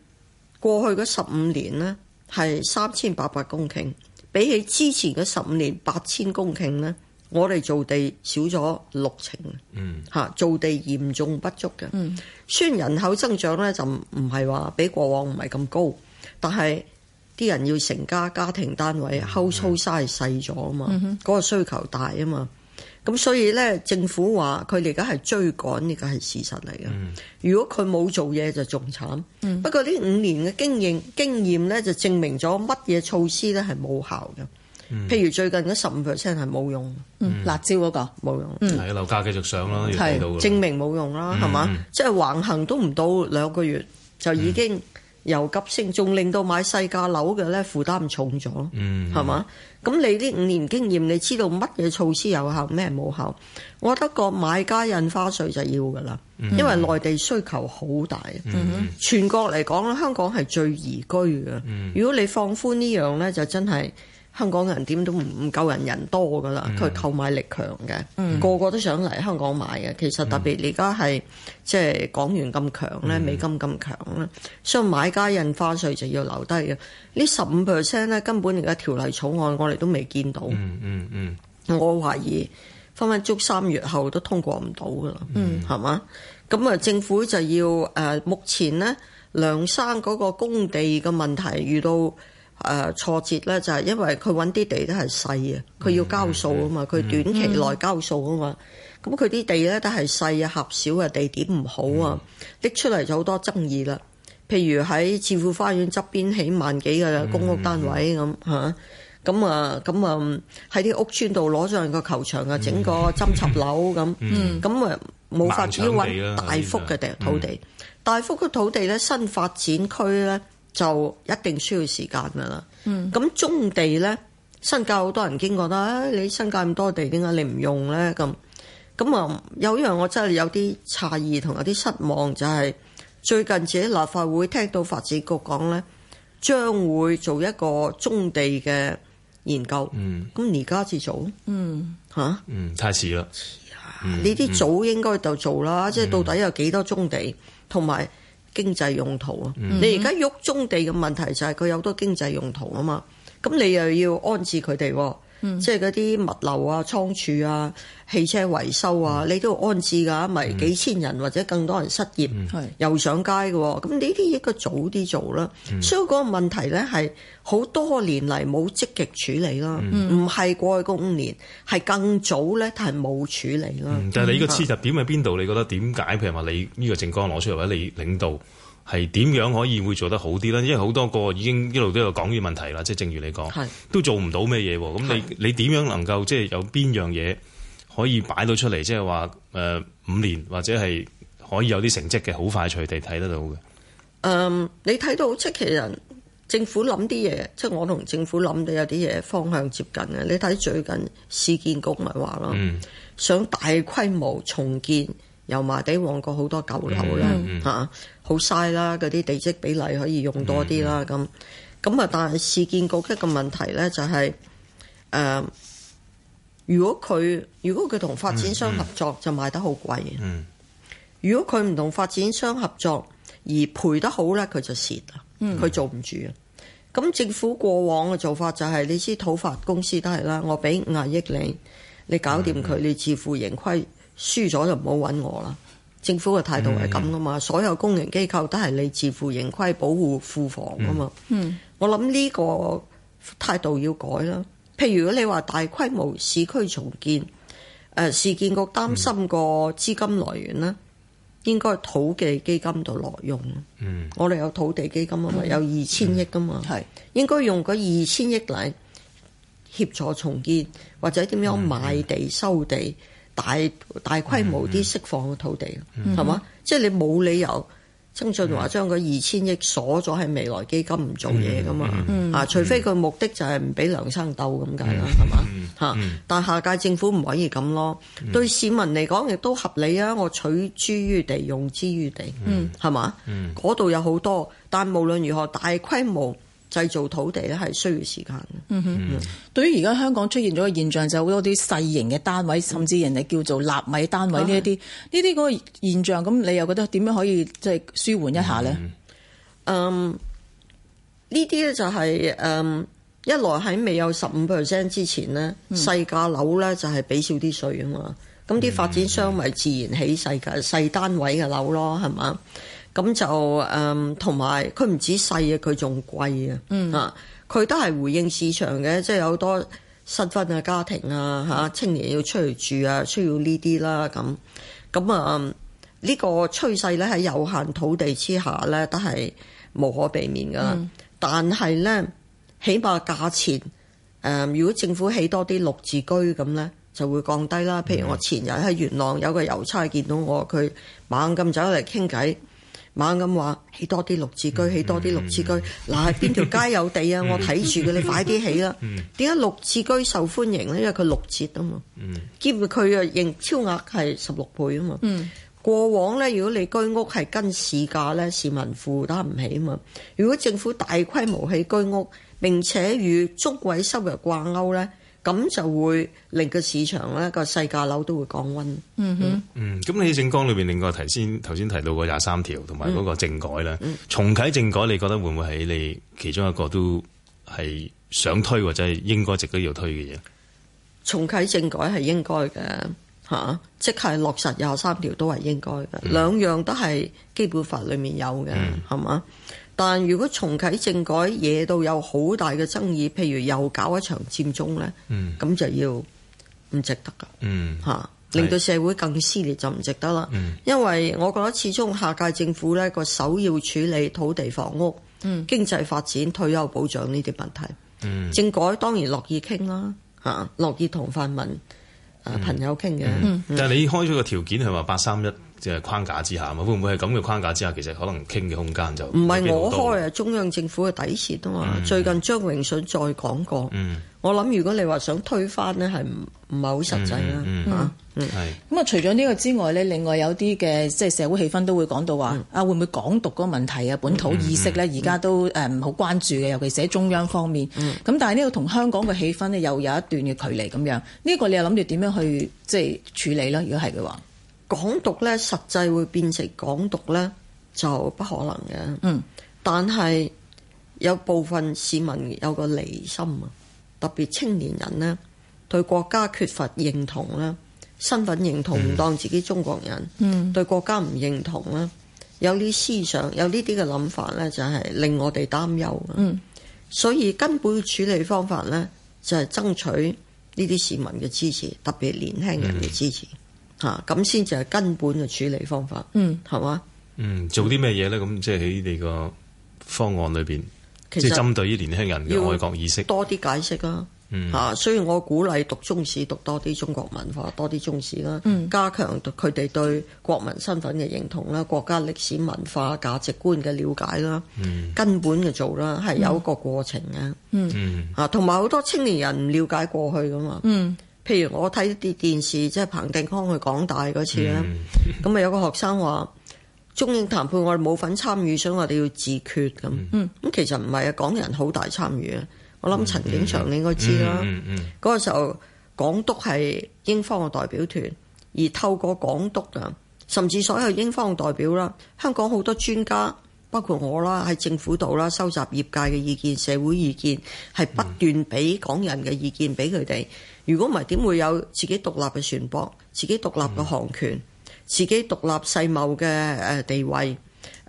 過去嗰十五年呢係三千八百公頃，比起之前嘅十五年八千公頃呢，我哋造地少咗六成。嗯，嚇造、啊、地嚴重不足嘅。嗯，雖然人口增長呢就唔係話比過往唔係咁高，但係。啲人要成家，家庭單位 household size 細咗啊嘛，嗰個需求大啊嘛，咁所以咧，政府話佢哋而家係追趕，而家係事實嚟嘅。如果佢冇做嘢就仲慘。嗯、不過呢五年嘅經營經驗咧，驗就證明咗乜嘢措施咧係冇效嘅。譬如最近嗰十五 percent 係冇用，辣招嗰個冇用，係樓價繼續上咯，證明冇用啦，係嘛、嗯？即係、就是、橫行都唔到兩個月就已經、嗯。嗯又急升，仲令到買細價樓嘅咧負擔重咗，係嘛、mm？咁、hmm. 你呢五年經驗，你知道乜嘢措施有效，咩冇效？我覺得個買家印花稅就要噶啦，mm hmm. 因為內地需求好大，mm hmm. 全國嚟講咧，香港係最宜居嘅。Mm hmm. 如果你放寬呢樣呢，就真係。香港人點都唔夠人，人多噶啦，佢、mm hmm. 購買力強嘅，mm hmm. 個個都想嚟香港買嘅。其實特別而家係即係港元咁強咧，mm hmm. 美金咁強咧，所以買家印花稅就要留低嘅。呢十五 percent 咧，根本連個條例草案我哋都未見到。嗯嗯、mm hmm. 我懷疑分分鐘三月後都通過唔到噶啦。嗯、mm，係、hmm. 嘛？咁啊，政府就要誒、呃，目前呢，梁生嗰個工地嘅問題遇到。誒，挫折咧，就係因為佢揾啲地都係細啊，佢要交數啊嘛，佢短期內交數啊嘛，咁佢啲地咧都係細啊、狹小啊、地點唔好啊，拎出嚟就好多爭議啦。譬如喺置富花園側邊起萬幾嘅公屋單位咁嚇，咁啊咁啊喺啲屋村度攞上個球場啊，整個針插樓咁，咁啊冇法子揾大幅嘅地土地，大幅嘅土地咧，新發展區咧。就一定需要時間㗎喇。咁棕、嗯、地咧，新界好多人經覺得、哎，你新界咁多地點解你唔用咧？咁咁啊，有一樣我真係有啲詫異同有啲失望，就係、是、最近自己立法會聽到發展局講咧，將會做一個棕地嘅研究。嗯，咁而家至做？嗯，嚇、啊？嗯，太遲啦！遲啊や！呢啲早應該就做啦，即係、嗯嗯、到底有幾多棕地，同埋。經濟用途啊！嗯、哼你而家喐棕地嘅問題，就係佢有好多經濟用途啊嘛，咁你又要安置佢哋喎。即係嗰啲物流啊、倉儲啊、汽車維修啊，嗯、你都要安置㗎，咪係、嗯、幾千人或者更多人失業，嗯、又上街嘅。咁呢啲應該早啲做啦。嗯、所以嗰個問題咧係好多年嚟冇積極處理啦，唔係、嗯、過去嗰五年係更早咧、嗯，但係冇處理啦。但係你呢個切入點喺邊度？你覺得點解譬如話你呢個政綱攞出嚟或者你領導？係點樣可以會做得好啲咧？因為好多個已經一路都有講呢個問題啦，即、就、係、是、正如你講，是都做唔到咩嘢喎？咁你你點樣能夠即係、就是、有邊樣嘢可以擺到出嚟？即係話誒五年或者係可以有啲成績嘅，好快脆地睇得到嘅。嗯，你睇到即其實政府諗啲嘢，即係我同政府諗嘅有啲嘢方向接近嘅。你睇最近市建局咪話咯，嗯、想大規模重建油麻地旺角好多舊樓啦嚇。嗯嗯嗯啊好嘥啦，嗰啲地積比例可以用多啲啦，咁咁啊！但係市建局一個問題呢、就是，就係誒，如果佢如果佢同發展商合作，就賣得好貴、嗯、如果佢唔同發展商合作，而賠得好呢，佢就蝕啦。佢、嗯、做唔住啊！咁政府過往嘅做法就係、是，你知土法公司都係啦，我俾五十億你，你搞掂佢，你自負盈虧，輸咗就唔好揾我啦。政府嘅態度係咁噶嘛？嗯、所有公營機構都係你自負盈虧、保護庫房噶嘛？嗯，我諗呢個態度要改啦。譬如如果你話大規模市區重建，誒市建局擔心個資金來源啦，應該土地基金度挪用。嗯、我哋有土地基金啊嘛，有二千億噶嘛，係、嗯、是應該用嗰二千億嚟協助重建或者點樣買地收地。嗯嗯大大規模啲釋放嘅土地，係嘛、mm hmm. 即係你冇理由，曾俊華將個二千億鎖咗喺未來基金唔做嘢噶嘛？啊、mm，hmm. 除非佢目的就係唔俾梁生鬥咁解啦，係嘛？吓，但下屆政府唔可以咁咯。對市民嚟講亦都合理啊！我取之於地，用之於地，係嘛？嗰度有好多，但無論如何，大規模。製造土地咧係需要時間嘅。Mm hmm. 嗯、對於而家香港出現咗個現象，就好多啲細型嘅單位，甚至人哋叫做納米單位呢一啲，呢啲嗰個現象，咁你又覺得點樣可以即係舒緩一下呢，嗯？嗯，呢啲咧就係嗯一來喺未有十五 percent 之前呢細價樓呢就係俾少啲稅啊嘛，咁啲發展商咪自然起細價細單位嘅樓咯，係、嗯嘛？嗯嗯嗯咁就誒，同埋佢唔止細、嗯、啊，佢仲貴啊，嚇佢都係回應市場嘅，即、就、係、是、有好多新婚嘅家庭啊，嚇、啊、青年要出去住啊，需要呢啲啦，咁咁啊呢、啊呢個趨勢咧喺有限土地之下咧，都係無可避免噶。嗯、但係咧，起碼價錢誒、嗯，如果政府起多啲綠置居咁咧，就會降低啦。嗯、譬如我前日喺元朗有個郵差見到我，佢猛咁走嚟傾偈。猛咁話起多啲六字居，起多啲六字居。嗱，邊 [MUSIC] 條街有地啊？我睇住嘅，你快啲起啦！點解 [MUSIC] 六字居受歡迎呢？因為佢六折啊嘛，兼佢又認超額係十六倍啊嘛。 [MUSIC] 過往呢，如果你居屋係跟市價呢，市民負擔唔起啊嘛。如果政府大規模起居屋，並且與中位收入掛鈎呢。咁就會令個市場咧個細價樓都會降溫。嗯哼、mm，hmm. 嗯，咁你政綱裏邊另外頭先頭先提到個廿三條同埋嗰個政改咧，mm hmm. 重啟政改，你覺得會唔會喺你其中一個都係想推或者係應該值得要推嘅嘢？嗯嗯、重啟政改係應該嘅嚇、啊，即係落實廿三條都係應該嘅，mm hmm. 兩樣都係基本法裏面有嘅，係嘛、mm？Hmm. 是但如果重啟政改惹到有好大嘅爭議，譬如又搞一場佔中呢，咁、嗯、就要唔值得噶，嚇，令到社會更撕裂就唔值得啦。嗯、因為我覺得始終下屆政府呢個首要處理土地、房屋、嗯、經濟發展、退休保障呢啲問題。政、嗯、改當然樂意傾啦，嚇，樂意同泛民朋友傾嘅。但係你開咗個條件係話八三一。即係框架之下，會唔會係咁嘅框架之下？其實可能傾嘅空間就唔係我開啊，中央政府嘅底線啊嘛。最近張榮順再講過，我諗如果你話想推翻呢，係唔唔係好實際啦嚇。咁啊，除咗呢個之外呢，另外有啲嘅即係社會氣氛都會講到話啊，會唔會港獨嗰個問題啊、本土意識咧，而家都誒唔好關注嘅，尤其係中央方面。咁但係呢個同香港嘅氣氛呢，又有一段嘅距離咁樣。呢個你又諗住點樣去即係處理咧？如果係嘅話。港獨咧，實際會變成港獨咧，就不可能嘅。嗯，但係有部分市民有個離心啊，特別青年人呢，對國家缺乏認同啦，身份認同唔、嗯、當自己中國人，嗯，對國家唔認同啦，有啲思想，有呢啲嘅諗法咧，就係令我哋擔憂。嗯，所以根本嘅處理方法咧，就係爭取呢啲市民嘅支持，特別年輕人嘅支持。嗯吓，咁先就係根本嘅處理方法，嗯吧，係嘛？嗯，做啲咩嘢呢？咁即係喺你個方案裏邊，即係針對於年輕人嘅愛國意識，多啲解釋啦、啊，吓、嗯啊。所以我鼓勵讀中史，讀多啲中國文化，多啲中史啦，加強佢哋對國民身份嘅認同啦，國家歷史文化價值觀嘅了解啦，根本嘅做啦，係有一個過程嘅，嗯，嗯、啊，吓，同埋好多青年人唔了解過去噶嘛，嗯。嗯譬如我睇啲電視，即係彭定康去港大嗰次咧，咁啊、嗯、有個學生話 [LAUGHS] 中英談判我哋冇份參與，所以我哋要自決咁。咁、嗯、其實唔係啊，港人好大參與啊！我諗陳景祥你應該知啦。嗰、嗯嗯嗯嗯、個時候港督係英方嘅代表團，而透過港督啊，甚至所有英方嘅代表啦，香港好多專家。包括我啦，喺政府度啦，收集業界嘅意見、社會意見，係不斷俾港人嘅意見俾佢哋。如果唔係，點會有自己獨立嘅船舶、自己獨立嘅航權、嗯、自己獨立世貿嘅誒地位？誒、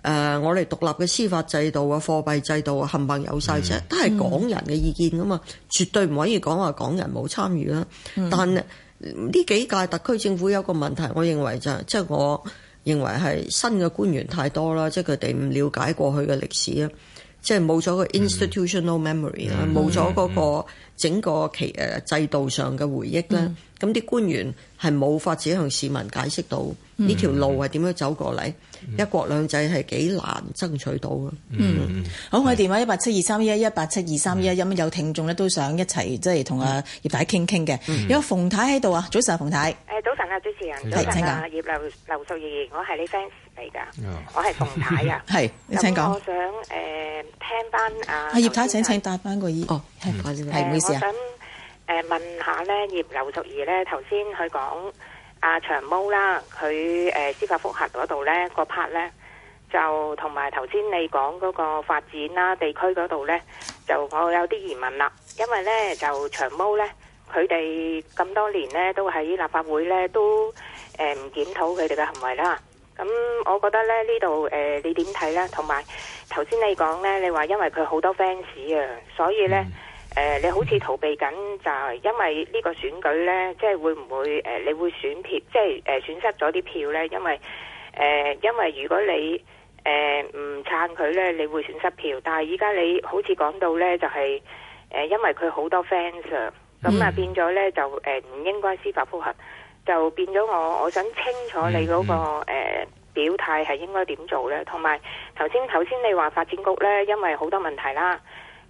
呃，我哋獨立嘅司法制度啊、貨幣制度啊，冚唪有晒啫，嗯、都係港人嘅意見噶嘛，絕對唔可以講話港人冇參與啦。但呢幾屆特區政府有個問題，我認為就即係、就是我。認為係新嘅官員太多啦，即係佢哋唔了解過去嘅歷史啊。即係冇咗個 institutional memory 啦，冇咗嗰個整個期誒制度上嘅回憶啦，咁啲官員係冇法子向市民解釋到呢條路係點樣走過嚟，一國兩制係幾難爭取到啊！嗯，好，我哋電話一八七二三一一一八七二三一一，有聽眾咧都想一齊即係同阿葉太傾傾嘅，有個馮太喺度啊，早晨啊，馮太，誒早晨啊，主持人，早晨啊，葉劉劉淑儀，我係你 fans。嚟噶，我係馮太啊。係，你請講。我想誒聽翻啊，葉太請請答翻個議。哦，係，係，唔該，係，唔該，先生。誒，問下咧，葉劉淑儀咧，頭先佢講啊，長毛啦，佢誒司法覆核嗰度咧，個拍咧就同埋頭先你講嗰個發展啦，地區嗰度咧就我有啲疑問啦，因為咧就長毛咧，佢哋咁多年咧都喺立法會咧都誒唔檢討佢哋嘅行為啦。咁，我覺得呢呢度誒、呃，你點睇呢？同埋頭先你講呢，你話因為佢好多 fans 啊，所以呢，誒、呃，你好似逃避緊就係因為呢個選舉呢，即係會唔會誒、呃？你會選票，即係誒損失咗啲票呢？因為誒、呃，因為如果你誒唔撐佢呢，你會損失票。但係依家你好似講到呢，就係誒，因為佢好多 fans 啊，咁啊變咗呢，就誒唔應該司法覆核。就變咗我，我想清楚你嗰個誒表態係應該點做咧？同埋頭先頭先你話發展局咧，因為好多問題啦。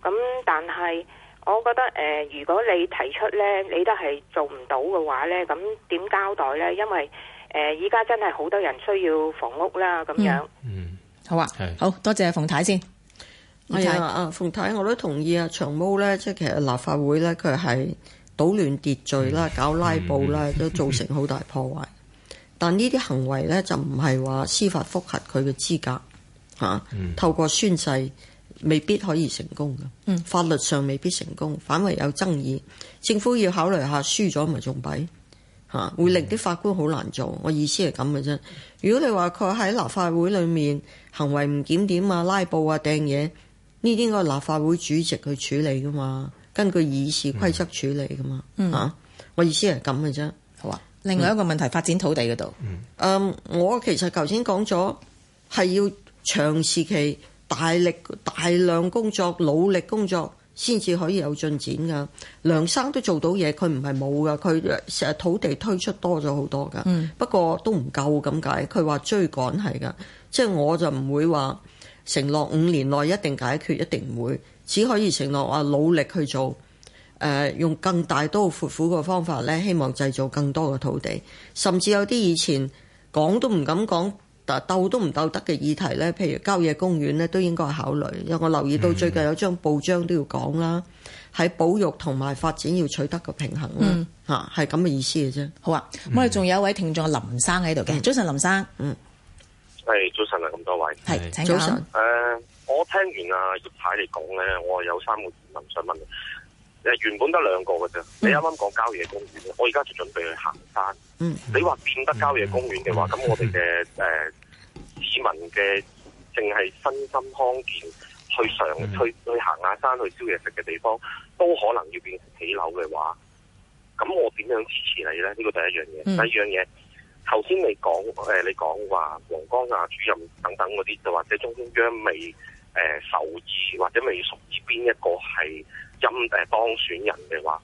咁但係我覺得誒，如果你提出咧，你都係做唔到嘅話咧，咁點交代咧？因為誒，依家真係好多人需要房屋啦，咁樣。嗯，好啊，係好多謝馮太先。啊啊，馮太我都同意啊，長毛咧，即係其實立法會咧，佢係。搗亂秩序啦，搞拉布啦，都造成好大破壞。 [LAUGHS] 但呢啲行為咧就唔係話司法複核佢嘅資格嚇，啊、 [LAUGHS] 透過宣誓未必可以成功嘅， [LAUGHS] 法律上未必成功，反為有爭議。政府要考慮下，輸咗咪仲弊嚇，會令啲法官好難做。我意思係咁嘅啫。如果你話佢喺立法會裏面行為唔檢點啊、拉布啊、掟嘢呢啲，應該立法會主席去處理噶嘛。根據議事規則處理噶嘛嚇、嗯啊，我意思係咁嘅啫，係嘛、啊？另外一個問題、嗯、發展土地嗰度，誒、嗯，我其實頭先講咗係要長時期大力大量工作、努力工作先至可以有進展噶。梁生都做到嘢，佢唔係冇噶，佢成日土地推出多咗好多噶，嗯、不過都唔夠咁解。佢話追趕係噶，即、就、係、是、我就唔會話承諾五年內一定解決，一定唔會。只可以承諾話努力去做，誒、呃、用更大刀闊斧嘅方法咧，希望製造更多嘅土地，甚至有啲以前講都唔敢講，但鬥都唔鬥得嘅議題咧，譬如郊野公園咧，都應該考慮。因為我留意到最近有張報章都要講啦，喺保育同埋發展要取得個平衡，嚇，係咁嘅意思嘅啫。好啊，我哋仲有一位聽眾林生喺度嘅，嗯、早晨林生，嗯，係早晨上啊，咁多位，係早晨，誒。我聽完阿、啊、葉太你講咧，我有三個疑問想問你。誒，原本得兩個嘅啫，你啱啱講郊野公園，我而家就準備去行山。嗯，你話變得郊野公園嘅話，咁我哋嘅誒市民嘅淨係身心康健去上去去行下山去宵夜食嘅地方，都可能要變成起樓嘅話，咁我點樣支持你咧？呢、這個第一樣嘢。第二樣嘢，頭先你講誒、呃，你講話王光亞主任等等嗰啲，就或者中央未。誒受意或者未屬於邊一個係陰誒當選人嘅話，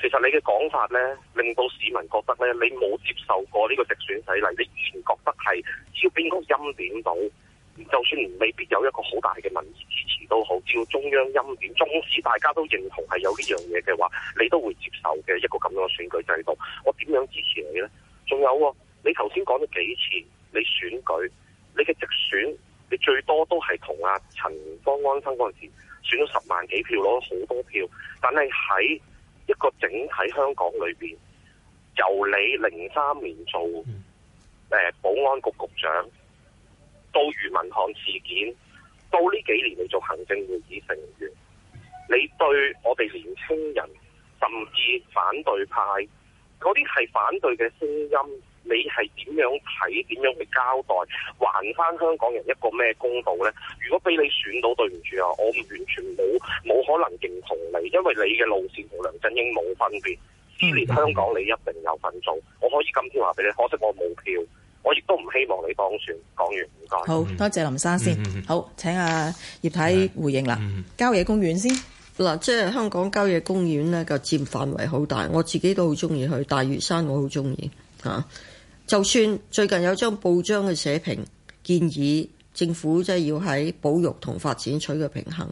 其實你嘅講法呢，令到市民覺得咧，你冇接受過呢個直選洗禮，你以前覺得係只要邊個欽點到，就算未必有一個好大嘅民意支持都好，只要中央欽點，縱使大家都認同係有呢樣嘢嘅話，你都會接受嘅一個咁樣嘅選舉制度。我點樣支持你呢？仲有喎，你頭先講咗幾次你選舉，你嘅直選，你最多都係同阿陳方安生嗰陣時選咗十萬幾票，攞咗好多票。但係喺一個整體香港裏邊，由你零三年做誒保安局局長，到庾文翰事件，到呢幾年你做行政會議成員，你對我哋年輕人，甚至反對派嗰啲係反對嘅聲音。你係點樣睇？點樣去交代？還翻香港人一個咩公道呢？如果俾你選到，對唔住啊！我唔完全冇冇可能認同你，因為你嘅路線同梁振英冇分別。思連香港你一定有份做，我可以今天話俾你。可惜我冇票，我亦都唔希望你當選，講完唔該。謝謝，好多謝林生先。嗯嗯嗯、好，請阿葉太回應啦。郊、嗯嗯、野公園先嗱，即係香港郊野公園呢個佔範圍好大，我自己都好中意去大嶼山我，我好中意吓。就算最近有張報章嘅社評建議政府即係要喺保育同發展取個平衡，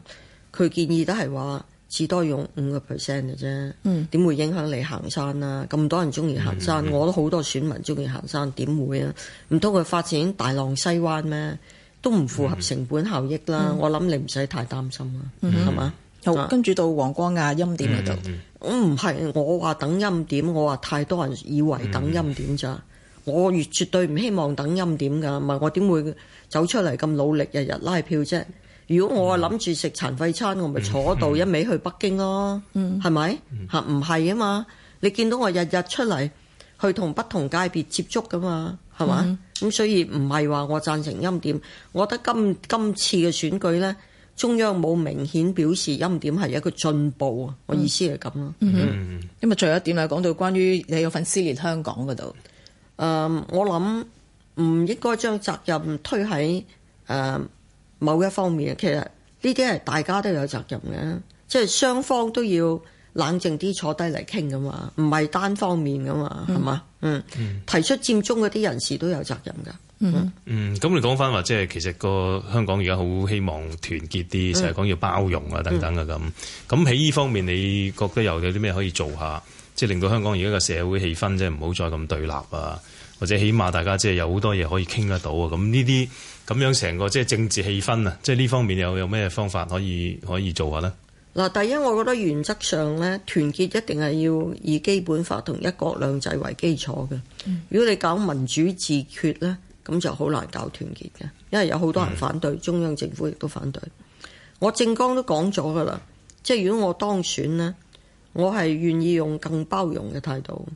佢建議都係話至多用五個 percent 嘅啫，點、嗯、會影響你行山啦、啊？咁多人中意行山，嗯嗯、我都好多選民中意行山，點會啊？唔通佢發展大浪西灣咩？都唔符合成本效益啦。嗯、我諗你唔使太擔心啦，係嘛、嗯？跟住吧到黃光亞欽點嗰度，唔係、嗯嗯、我話等欽點，我話太多人以為等欽點咋？我越絕對唔希望等欽點㗎，唔係我點會走出嚟咁努力，日日拉票啫。如果我係諗住食殘廢餐，我咪坐度一味去北京咯，係咪、嗯？嚇唔係啊嘛！你見到我日日出嚟去同不同界別接觸㗎嘛？係嘛？咁、嗯、所以唔係話我贊成欽點，我覺得今今次嘅選舉呢，中央冇明顯表示欽點係一個進步啊。我意思係咁咯。因為仲有一點啊，講到關於你有份撕裂香港嗰度。誒，我諗唔應該將責任推喺誒某一方面啊。其實呢啲係大家都有責任嘅，即係雙方都要冷靜啲坐低嚟傾噶嘛，唔係單方面噶嘛，係嘛？嗯，嗯，提出佔中嗰啲人士都有責任噶。等等嗯，嗯，咁你講翻話，即係其實個香港而家好希望團結啲，成日講要包容啊等等啊咁。咁喺依方面，你覺得又有啲咩可以做下？即令到香港而家嘅社會氣氛即係唔好再咁對立啊，或者起碼大家即係有好多嘢可以傾得到啊。咁呢啲咁樣成個即係政治氣氛啊，即係呢方面有有咩方法可以可以做下呢？嗱，第一，我覺得原則上咧，團結一定係要以基本法同一國兩制為基礎嘅。嗯、如果你搞民主自決咧，咁就好難搞團結嘅，因為有好多人反對，嗯、中央政府亦都反對。我政綱都講咗噶啦，即係如果我當選呢。我係願意用更包容嘅態度。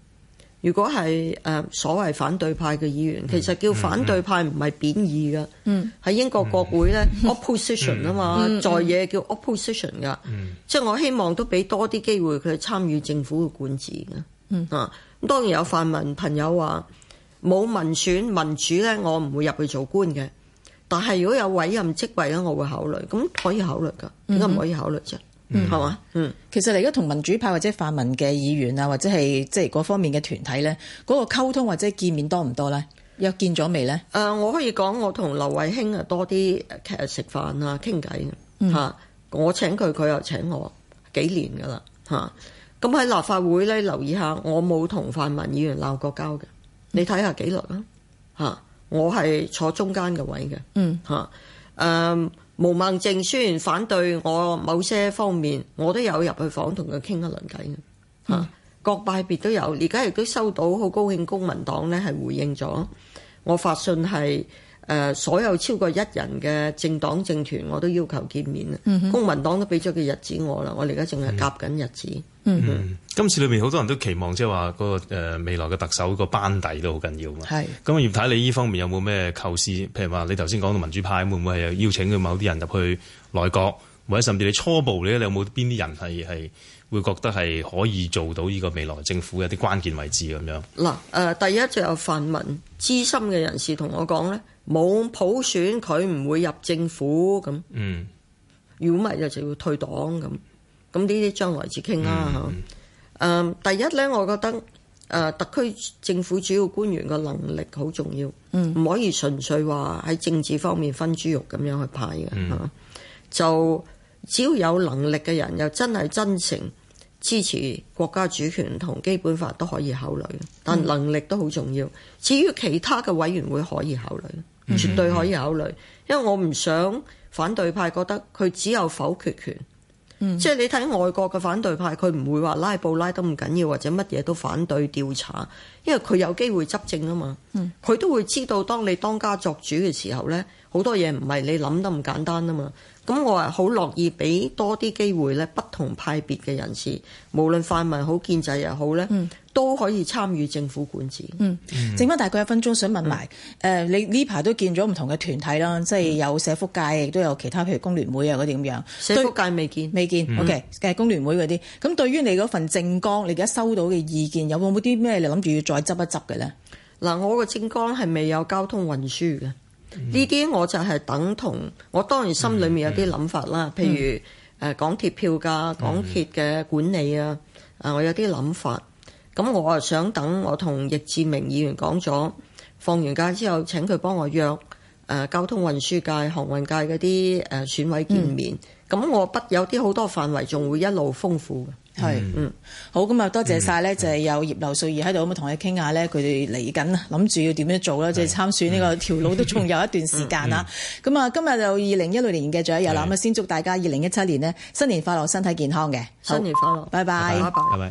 如果係誒、呃、所謂反對派嘅議員，嗯、其實叫反對派唔係貶義噶。嗯，喺英國國會咧、嗯、，opposition 啊嘛，嗯、在野叫 opposition 噶。嗯、即係我希望都俾多啲機會佢參與政府嘅管治嘅。嗯啊，當然有泛民朋友話冇民選民主咧，我唔會入去做官嘅。但係如果有委任職位咧，我會考慮。咁可以考慮噶，點解唔可以考慮啫？嗯嗯，係嘛？嗯，其實你而家同民主派或者泛民嘅議員啊，或者係即係嗰方面嘅團體咧，嗰、嗰個溝通或者見面多唔多咧？又見有見咗未咧？誒、呃，我可以講，我同劉慧卿多、嗯、啊多啲食飯啊傾偈吓，我請佢，佢又請我，幾年噶啦吓。咁、啊、喺立法會咧，留意下，我冇同泛民議員鬧過交嘅。你睇下紀律啦吓，我係坐中間嘅位嘅，嗯吓，誒、啊。啊啊毛孟靜雖然反對我某些方面，我都有入去房同佢傾一輪偈吓，各派別都有，而家亦都收到好高興，公民黨咧係回應咗，我發信係。誒所有超過一人嘅政黨政團，我都要求見面。公民黨都俾咗個日子我啦，我哋而家淨係夾緊日子。今次裏面好多人都期望即係話嗰個、呃、未來嘅特首個班底都好緊要，咁啊是，葉太，你呢方面有冇咩構思？譬如話你頭先講到民主派，會唔會係邀請佢某啲人入去內閣，或者甚至你初步你有冇邊啲人係係會覺得係可以做到呢個未來政府嘅啲關鍵位置咁樣？嗱誒、呃，第一就有泛民資深嘅人士同我講咧。冇普選，佢唔會入政府咁。嗯，如果唔係就就要退黨咁。咁呢啲將來至傾啦嚇。嗯、啊，第一呢，我覺得誒、呃、特區政府主要官員嘅能力好重要，嗯，唔可以純粹話喺政治方面分豬肉咁樣去派嘅嚇。就只要有能力嘅人，又真係真誠支持國家主權同基本法都可以考慮，但能力都好重要。至於其他嘅委員會可以考慮。嗯、絕對可以考慮，因為我唔想反對派覺得佢只有否決權。嗯、即係你睇外國嘅反對派，佢唔會話拉布拉得唔緊要，或者乜嘢都反對調查，因為佢有機會執政啊嘛。佢、嗯、都會知道當你當家作主嘅時候呢，好多嘢唔係你諗得咁簡單啊嘛。咁我係好樂意俾多啲機會呢，不同派別嘅人士，無論泛民好建制又好呢。嗯都可以參與政府管治。嗯，剩翻大概一分鐘，想問埋誒，嗯、你呢排都見咗唔同嘅團體啦，嗯、即係有社福界，亦都有其他，譬如工聯會啊嗰啲咁樣。社福界未見，未見。嗯、O.K. 跟住工聯會嗰啲咁。對於你嗰份政綱，你而家收到嘅意見有冇冇啲咩你諗住要再執一執嘅咧？嗱、嗯，我個政綱係未有交通運輸嘅呢啲，嗯、我就係等同我當然心裡面有啲諗法啦，譬、嗯嗯、如誒港鐵票價、港鐵嘅管理啊，啊，我有啲諗法。咁我啊，想等我同易志明議員講咗，放完假之後請佢幫我約誒交通運輸界、航運界嗰啲誒選委見面。咁我不有啲好多範圍仲會一路豐富嘅。係嗯好，咁啊多謝晒咧，就係有葉劉淑儀喺度咁啊同佢傾下咧，佢哋嚟緊啊，諗住要點樣做啦，即係參選呢個條路都仲有一段時間啦。咁啊今日就二零一六年嘅最後一日啦，咁啊先祝大家二零一七年呢，新年快樂，身體健康嘅。新年快樂，拜拜。拜拜。